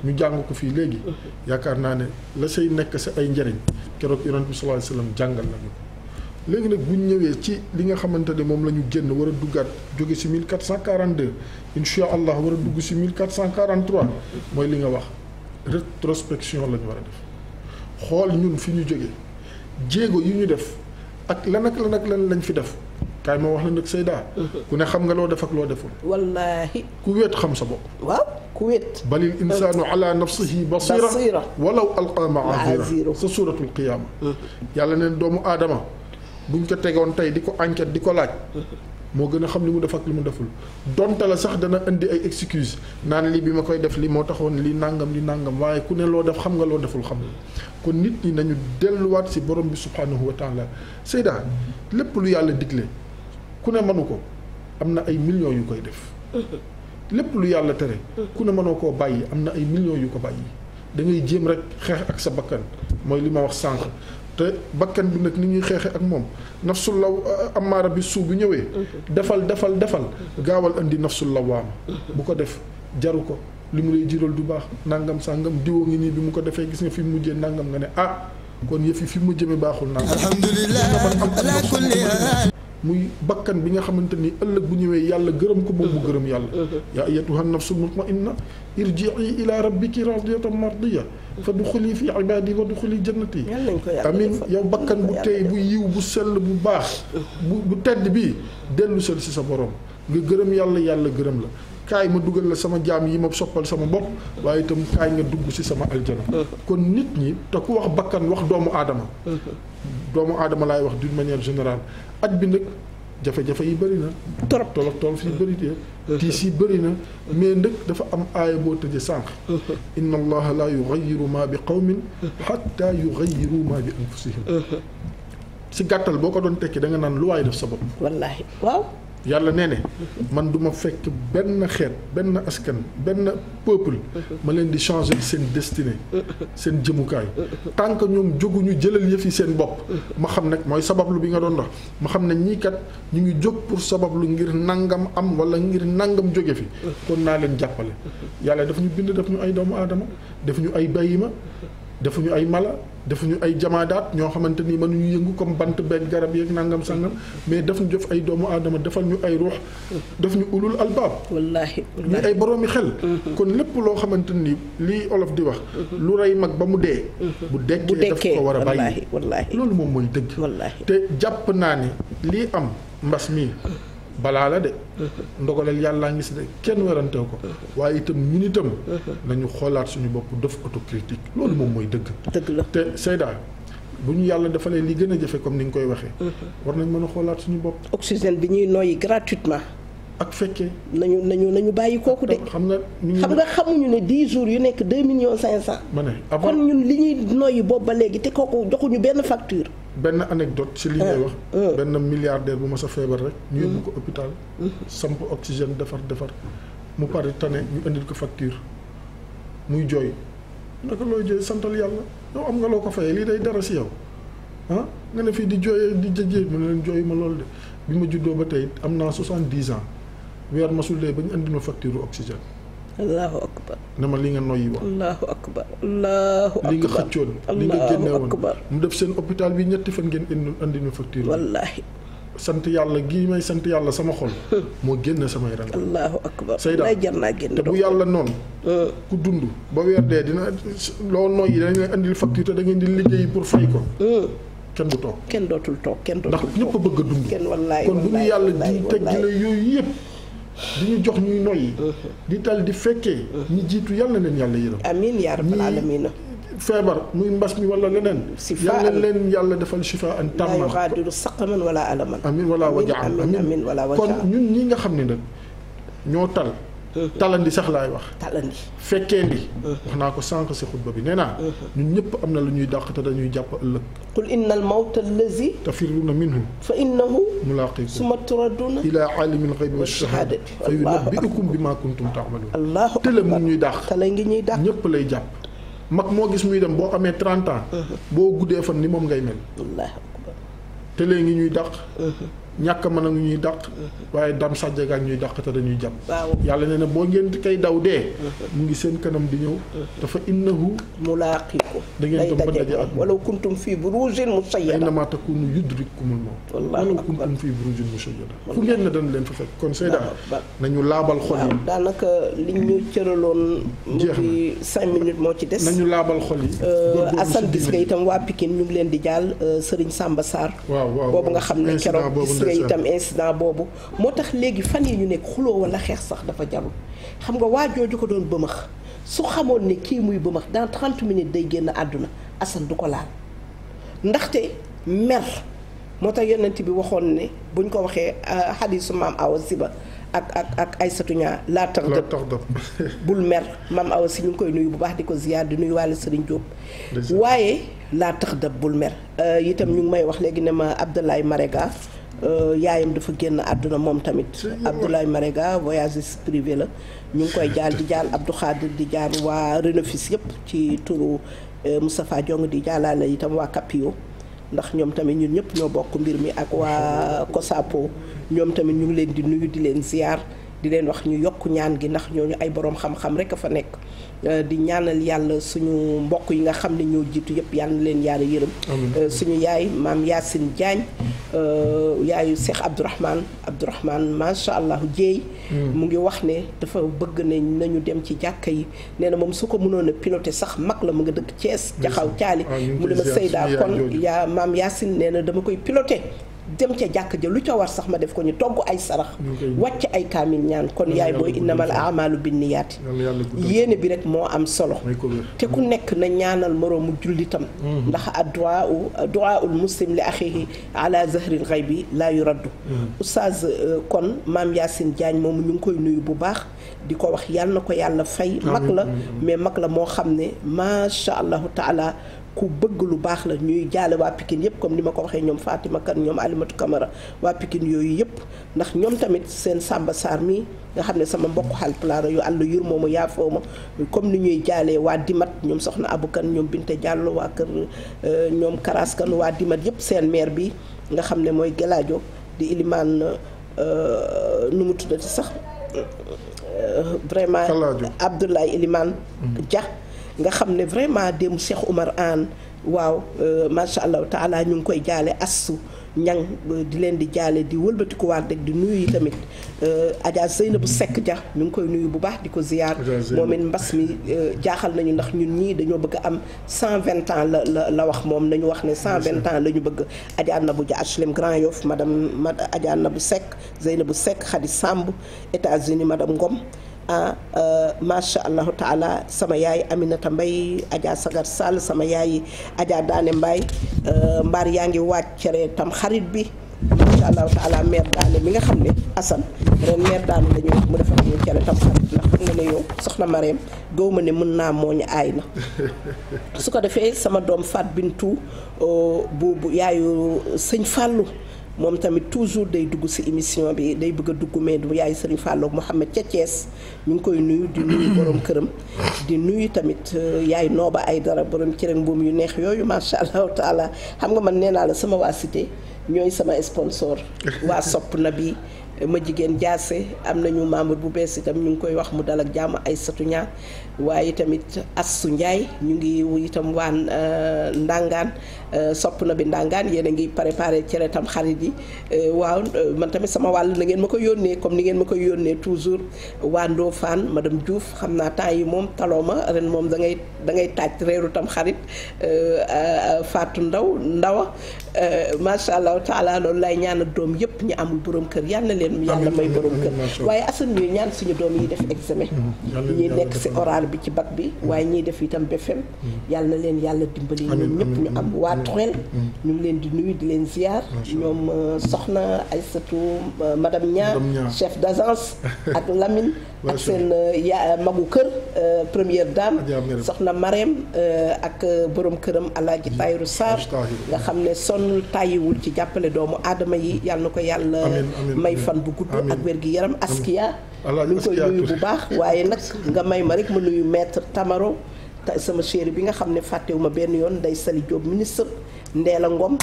ñu jàng ko fii léegi yaakaar naa ne la say nekk sa ay njariñ keroog yonante bi sallallahu alayhi wa sallam jàngal nañu léegi nag bu ñu ñëwee ci li nga xamante ne moom la ñu génn war a duggaat jóge si 1442 incha allah war a dugg si 1443 mooy li nga wax rétrospection lañu war a def xool ñun fi ñu jóge jéego yi ñu def ak lan ak lan ak lan lañ fi def kaay ma wax la nag Seyda. ku ne xam nga loo def ak loo deful. wallaahi. ku wéet xam sa bopp. waaw ku wéet. balil insaanu ala nafsihi basira. basira walaw alqaa maazira sa suuratul qiyaama. yàlla neen doomu aadama. buñ ko tegoon tey di ko enquête di ko laaj moo gën a xam li mu def ak li mu deful donte la sax dana indi ay excuse naan lii bi ma koy def li moo taxoon li nàngam li nàngam waaye ku ne loo def xam nga loo deful xam ne kon nit ñi nañu delluwaat ci borom bi subhanahu wa taala Seyda lépp lu yàlla digle ku ne mënu ko am na ay millions yu koy def lépp lu yàlla tere ku ne mënu koo bàyyi am na ay millions yu ko bàyyi da jéem rek xeex ak sa bakkan mooy li ma wax sànq te bakkan bi nag ni ñuy xeexe ak moom nafsul law amaara bi suu bu ñëwee defal defal defal gaawal andi nafsul lawaama bu ko def jaru ko li mu lay jiral du baax nangam sàngam diwoo ngi nii bi mu ko defee gis nga fi mu mujjee nangam nga ne ah kon yëf yi fi mu jëmee baaxul nangam alhamdulilah muy bakkan bi nga xamante ni ëllëg bu ñëwee yàlla gërëm ko moom mu gërëm yàlla yaa ayyatuha nafsul mutmainna irji'i ila rabbiki radiyatan ya fa du xuli fi ibaadi wa du xuli jannati amin yow bàkkan bu tey bu yiw bu sell bu baax bu bu tedd bi dellu sel si sa borom nga gërëm yàlla yàlla gërëm la kaay ma dugal la sama jaam yi ma soppal sama mbopp waaye itam kaay nga dugg si sama aljana kon nit ñi te ku wax bakkan wax doomu aadama doomu aadama laay wax d'une manière générale at bi nag jafe-jafe yi bëri na trop tolof tolof yi bëri na tiis yi bëri na mais nag dafa am aaya boo tëjee sànq inna allaha la yugayiru ma bi qawmin xatta yugayiru ma bi anfusihim si gàttal boo ko doon tekki da nga naan lu waay def sa bopp wallaahi waaw yàlla nee ne man duma ma fekk benn xeet benn askan benn peuple ma leen di changer seen destinée seen jëmukaay tant que ñoom jóguñu jëlal yëf yi seen bopp ma xam nag mooy sabablu bi nga doon wax ma xam ne ñii kat ñu ngi jóg pour sabablu ngir nangam am wala ngir nangam jóge fi kon naa leen jàppale yàlla daf ñu bind daf ñu ay doomu aadama daf ñu ay bayima daf ñu ay mala defuñu ay jamaadaat ñoo xamante ni mënuñu yëngu comme bant benn garab yeeg nangam sangam mais daf ñu jëf ay doomu aadama defal ñu ay ruux daf ñu ulul albaab wallaahi ñu ay boroomi xel mm-hmm. kon lépp loo xamante ni lii olof di wax mm-hmm. lu rey mag ba mu dee mm-hmm. bu dekkee daf ko war a bàyyi loolu moom mooy dëgg te jàpp naa ne lii am mbas mii balaa la de ndogaleel yàllaa ngi si de kenn werantew ko waaye itam ñun itam nañu xoolaat suñu bopp def autocritique loolu moom mooy dëgg dëgg la te Seyda bu ñu yàlla defalee li gën a jafe comme ni ñu koy waxee war nañ mën a xoolaat suñu bopp oxygène bi ñuy noyyi gratuitement ak fekkee nañu nañu nañu bàyyi kooku de xam nga xam nga xamuñu ne 10 jours yu nekk 2 millions 500 ma ne kon ñun li ñuy noyyi boobu ba léegi te kooku joxuñu benn facture benn anecdote ci li ngay ah, wax. Ah. benn milliardaire bu ma sa feebar rek. ñu yóbbu ko mm-hmm. hôpital. Mm-hmm. samp oxygène defar defar mu pare tane ñu indil ko facture muy jooy naka looy jooy santal yàlla yow am nga loo ko fayee lii day dara si yow ah nga ne fii di jooyee di jëjee mu ne leen jooy ma loolu de bi ma juddoo ba tey am naa soixante-dix ans weer ma sulee ba ñu indi ma facture oxygène. allahu akbar li nga noyyi woon. allahu akbar allahu akbar li nga xëccoon li nga génne woon mu def seen hôpital bi ñetti fan ngeen indi indi ñu facture wallaahi sant yàlla gi may sant yàlla sama xol moo génn samay ran allahu akbar sayda te bu yàlla noonu hmm. ku dund ba weer dee dina loo noyyi dañ la indil facture te da ngeen di liggéey pour fay ko hmm. kenn du toog kenn dootul toog kenn dootul toog ndax ñëpp a bëgg a dund kon bu ñu yàlla di teg la yooyu yëpp di ñu jox ñuy noyyi. di tal di fekkee. ñi jiitu yal na leen yàlla yërëm. amiin yaa rabbal aalamiin. feebar muy mbas mi wala leneen. yàlla leen yàlla defal shifa an tamma. laa yuxaadiru saqaman wala alaman. amiin wala wajaan amiin wala wajaan kon ñun ñi nga xam ne nag ñoo tal. talandi sax laay wax. talandi fekkee ndi. wax naa ko sànq si xutba bi nee naa. ñun ñëpp am na lu ñuy dàq te dañuy jàpp ëllëg. qul inna al mawta allazi. tafirruuna minhu. fa innahu. mulaaqiikum summa turadduuna. ilaa aalimil ghaybi wa shahaadati. fa yunabbi'ukum bimaa kuntum ta'maluun. allahu tële mu ñuy ngi ñuy dàq ñëpp lay jàpp. mag moo gis muy dem boo amee 30 ans. boo guddee fan ni moom ngay mel. tële ngi ñuy dàq. ñàkk a mën a ñuy dàq. waaye dam sàjjaga ak ñuy dàq te dañuy jàpp. yàlla nee na boo ngeen kay daw dee. Mhm. mu ngi seen kanam di ñëw. dafa innahu. mulaaqiikum. da ngeen doon ba daje ak moom kuntum fii buruujin mushayyada. aynamaa takuunu yudrikkumul mawt. walaw kuntum fii buruujin mushayyada. fu ngeen ne dañ leen fa fekk kon Seyda. nañu laabal xol yi. daanaka liñ ñu cëraloon. jeex na cinq minutes moo ci des. nañu laabal xol yi. Euh, Assane gis nga itam waa Pikine ñu leen di jàll euh, Serigne Samba Sarr. waaw waaw boobu nga xam ne keroog nga itam incident boobu moo tax léegi fan yi ñu nekk xuloo wala xeex sax dafa jarul xam nga waa jooju ko doon bëmax su xamoon ni kii muy bëmax dans 30 minutes day génn àdduna Assane du ko laal ndaxte mer moo tax yonent bi waxoon ne buñ ko waxee xadiisu euh, maam Awa Siba ak ak ak Aysatu ñaa laa tax dëpp bul mer maam Awa si ñu ngi koy nuyu bu baax di ko ziyaar di nuyu waale Sëriñ Jóob waaye laa tax dëpp bul mer euh, itam ñu ngi may wax léegi ne ma Abdoulaye Marega Euh, yaayam dafa génn àdduna moom tamit Abdoulaye Marega voyagiste privé la ñu ngi koy jaal di jaal Abdou Khadir di jaal waa Renefis yëpp ci turu euh, Moustapha Diong di jaalaale itam waa Capio ndax ñoom tamit ñun ñëpp ñoo bokk mbir mi ak waa kosapo ñoom tamit ñu ngi leen di nuyu di leen ziar di leen wax ñu yokk ñaan gi ndax ñooñu ay boroom xam-xam rek a fa nekk Euh, di ñaanal yàlla suñu mbokk yi nga xam ne ñoo jiitu yëpp yàlla na leen yàlla yërëm euh, suñu yaay maam Yacine Diagne euh, yaayu Cheikh Abdourahmane Abdourahmane macha allah jéey hmm. mu ngi wax ne dafa bëgg ne nañu dem ci jàkka yi nee na moom su ko mënoon a sax mag la mu nga dëkk cees jaxaw caali hmm. ah, mu ne ma Seyda kon yaa maam Yacine nee na dama koy piloté dem ca jàkk ja lu ca war sax ma def ko ñu togg ay sarax wàcc ay kaamil ñaan kon yaay booy innamal amalu binniyaati yéene bi rek moo am solo te ku nekk na ñaanal moroomu jullitam mm-hmm. ndax adduwaa duwaa ul muslim li axihi ala zahril xaybi laa yu raddu mm-hmm. oustaz euh, kon maam Yacine Diagne moom ñu ngi koy nuyu bu baax di ko wax yàlla na ko yàlla fay mag la mais mag la moo xam ne macha allahu taala ku bëgg lu baax la ñuy jaale waa Pikine yëpp comme ni ma ko waxee ñoom Fatima Kane ñoom Alimatou kamara waa Pikine yooyu yëpp ndax ñoom tamit seen Samba saar mii nga xam ne sama mbokk Haalpulaar yu àll yur moomu yaafoo ma comme ni ñuy jaalee waa Dimat ñoom Soxna Abu Kane ñoom Binte Diallo waa kër euh, ñoom Karaas Kane waa Dimat yëpp seen maire bi nga xam ne mooy Gelaajo di ilimaan euh, nu mu tuddati sax euh, vraiment Abdoulaye Ilimane mm. nga xam ne vraiment démb Cheikh Oumar Anne waaw euh, macha allah taala ñu ngi koy jaale assu ñan euh, di leen di jaale di wëlbatikuwaat rek di nuyu tamit euh, Adja bu sekk Dia ñu ngi koy nuyu bu baax di ko ziyaar moom it mbas mi jaaxal nañu ndax ñun ñii dañoo bëgg am 120 ans la la la wax moom nañu wax ne 120 ans la ñu bëgg Adja Nabou Dia HLM Grand Yoff madame Adja Nabou Seck Seynabou Seck Khady Samb États-Unis madam Ngom ah, ah macha allahu taala sama yaay Aminata Mbaye Adja Sagar Sall sama yaay Adja Daane Mbaye ah, mbaar yaa ngi wàcc cere tam xarit bi macha allahu taala maire Daane mi nga xam ne Assane ren maire Daane la mu defal ñu cere tam xarit ndax xam nga ne yow soxna Marème gëw ma ne mën naa mooñ aay na su ko defee sama doom Fat Bintou oh, bu bu yaayu sëñ Fallou. moom tamit toujours day dugg ci émission bi day bëgg dugg mais du yaay Serigne Fallou Mouhamed ca Thiès ñu ngi koy nuyu di nuyu borom këram di nuyu tamit euh, yaay Nooba ay dara borom cere mbuum yu neex yooyu macha allah taala xam nga man nee naa la sama waa cité ñooy sama sponsor waa sopp na bi ma jigéen jaase am nañu membre bu bees tam ñu ngi koy wax mu dal ak jàmm ay satu waaye tamit Assu Ndiaye ñu ngi itam waa euh, Ndangaan euh, sopp na bi ndàngaan yéen a ngi préparé cere tam xarit yi euh, waaw man tamit sama wàll na ngeen ma ko yónnee comme ni ngeen ma ko yónnee toujours waa ma dem Diouf xam naa temps yi moom taloo ma ren moom dangay ngay da taaj reeru tam xarit Fatou Ndaw Ndawa macha allah taala loolu lay ñaana doom yëpp ñu amul borom kër yàlla leen yàlla may borom kër waaye Assane ñuy ñaan suñu doom yi def examen ñi nekk si bi ci bac bi waaye ñiy def itam BFM yàlla na leen yàlla dimbali ñoom ñëpp ñu am waa Tuxel ñu leen di nuyu di leen ziar ñoom euh, soxna Aysatu euh, madame Niang chef d'agence ak Lamine ak seen euh, ya magu kër première daam soxna Marème ak borom këram Alaaji Tayiru Sarr nga xam ne sonn tàyyiwul ci jàppale doomu aadama yi yàlla na ko yàlla may fan bu gudd ak wér gi yaram askiya ñu ngi koy nuyu bu baax waaye nag nga may ma rek ma nuyu maître Tamaro sama chéri bi nga xam ne fàttewuma benn yoon Ndeye sali Diop ministre Ndella Ngom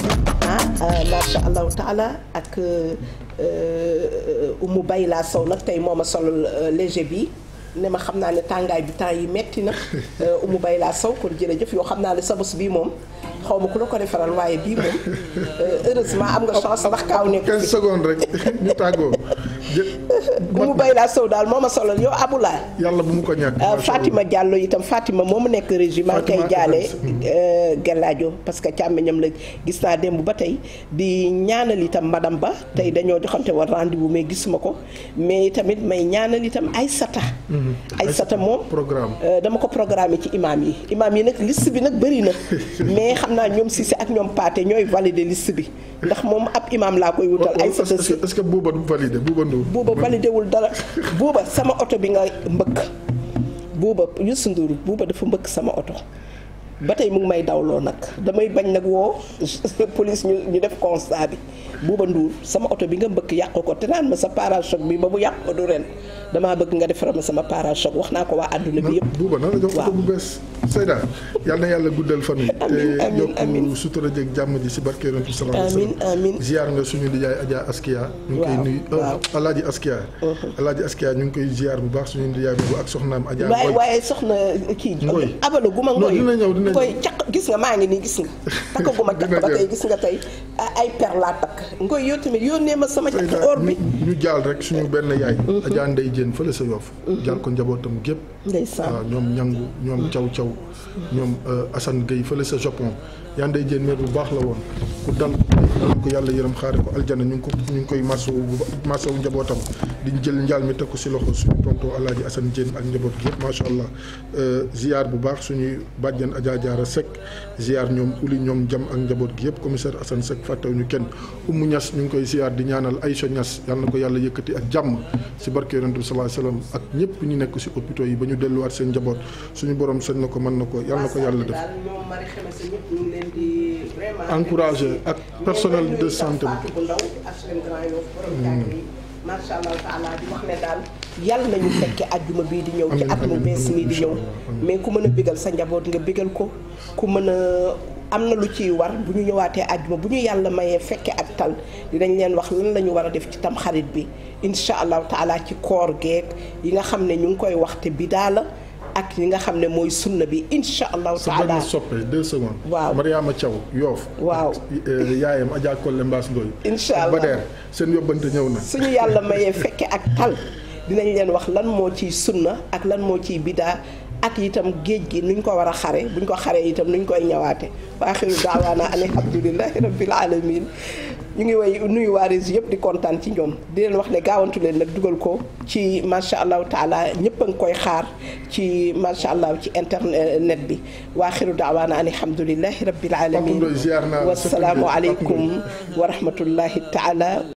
ah euh, macha allahu taala ak euh, Oumou Bayla Sow nag tey moo ma solal euh, léger bi ne ma xam naa ne tàngaay bi temps yi metti na bay laa Sow kon jëf yoo xam naa ne sa bos bii moom xaw ma ku la ko defaral waaye bii moom heureusement am nga chance ndax kaaw nekk 15 secondes rek ñu tàggoo ku mu bay laa sow daal moo a solal yow abulaa yàlla bu mu ko ñàkk euh, Fatima Diallo itam Fatima moo mu nekk régime maa ngi koy jaale euh, gallaajo parce que càmmiñam la gis naa démb ba tey di ñaanal itam madame ba tey dañoo joxante woon rendez-vous mais gisuma ko mais tamit may ñaanal itam Aysata mm-hmm. Aysata moom euh, dama ko programme ci imaam yi imaam yi nag liste bi nag bëri na mais xam naa ñoom si ak ñoom Paate ñooy valider liste bi ndax moom ab imaam laa koy wutal Aysata si buuba validé dewul dara buuba sama oto bi nga mbëkk buuba Youssou Ndour buuba dafa mbëkk sama oto ba tey mu ngi may dawloo nag damay bañ nag woo police ñu ñu def constat bi Bouba Ndour sama oto bi nga bëgg yàq ko te naan ma sa para-choc bi ba mu yàq ko du ren damaa bëgg nga defaral ma sama para-choc wax naa ko waa àdduna bi yëpp. Bouba nan la jox oto bu bees. Seyda yal na yàlla guddal fan wi. amiin amiin te yokk sutura jeeg jàmm ji si barke yonent bi sallallahu alayhi wa sallam. amiin ziar nga suñu nijaay Adja Askia. ñu ngi koy nuyu euh, Alaaji Askia. Uh-huh. Alaaji Askia ñu ngi koy ziar bu baax suñu nijaay boobu ak soxnaam Adja. waaye waaye soxna euh, kii. Ngoy abalu guma Ngoy non dina ñëw dina ñëw koy caq gis nga maa ngi nii gis nga. ay per laa takk tàkk ngoy yow tamit yónnee ma sama caq or bi ñu jaal rek suñu benn yaay ajaan day jën fële sa yoof mhm. jaal ko njabootam gépp ndeysaan ah, ñoom ñangu ñoom caw caw mhm. ñoom euh, Assane Gueye fële sa Japon yande jeen meer bu baax la woon ku dal ko yàlla yërëm xaare ko aljana ñu ngi ko ñu ngi koy marsawu marsawu njabootam di jël njaal mi teg ko si loxo suñu tonton alaaji Assane Diène ak njaboot gi yëpp macha allah euh, ziar bu baax suñuy bàjjan Adja Diarra Seck ziar ñoom uli ñoom jam ak njaboot gi yëpp commissaire Assane Seck fàttewu ñu kenn Oumou Niass ñu ngi koy ziar di ñaanal Aïcha Niass yàlla na ko yàlla yëkkati ak jàmm si barke yonent bi sallallahu alayhi ak ñëpp ñu nekk si hôpitaux yi ba ñu delluwaat seen njaboot suñu borom sañ na ko mën na ko yàlla na ko yàlla def leen di vraiment encouragé ak personnel de santé bu macha allah yàlla nañu fekke ajjuma bii di ñëw ci at mu bees mii di ñëw mais ku mën a bégal sa njaboot nga bégal ko ku mën a am na lu ciy war bu ñu ñëwaatee àjjuma bu ñu yàlla mayee fekke ak tal di dinañ leen wax lan lañu ñu war a def ci tam xarit bi incha allah taala ci koor geeg yi nga xam ne ñu ngi koy waxte bi daala ak yi nga xam ne mooy sunna bi incha allah taala soppe deux secondes waaw Mariama Thiaw Yoof waaw eh, yaayam Adja Kolle Mbaas Ndoy incha allah Bader seen yóbbante ñëw na suñu yàlla mayee fekke ak tal dinañu leen wax lan moo ciy sunna ak lan moo ciy bidaa ak itam géej gi nuñ ko war a xare buñ ko xaree itam nuñ koy ñëwaate waaxiru daawaana an alhamdulilahi rabbil alamin ñu ngi way nuyu waa Rési yëpp di kontaan ci ñoom di leen wax ne gaawantu leen nag dugal ko ci macha allahu taala ñëpp a ngi koy xaar ci macha allah ci internet bi waa xiru daawaana ani alhamdulilahi rabbil alamin wasalaamu aleykum wa rahmatullahi taala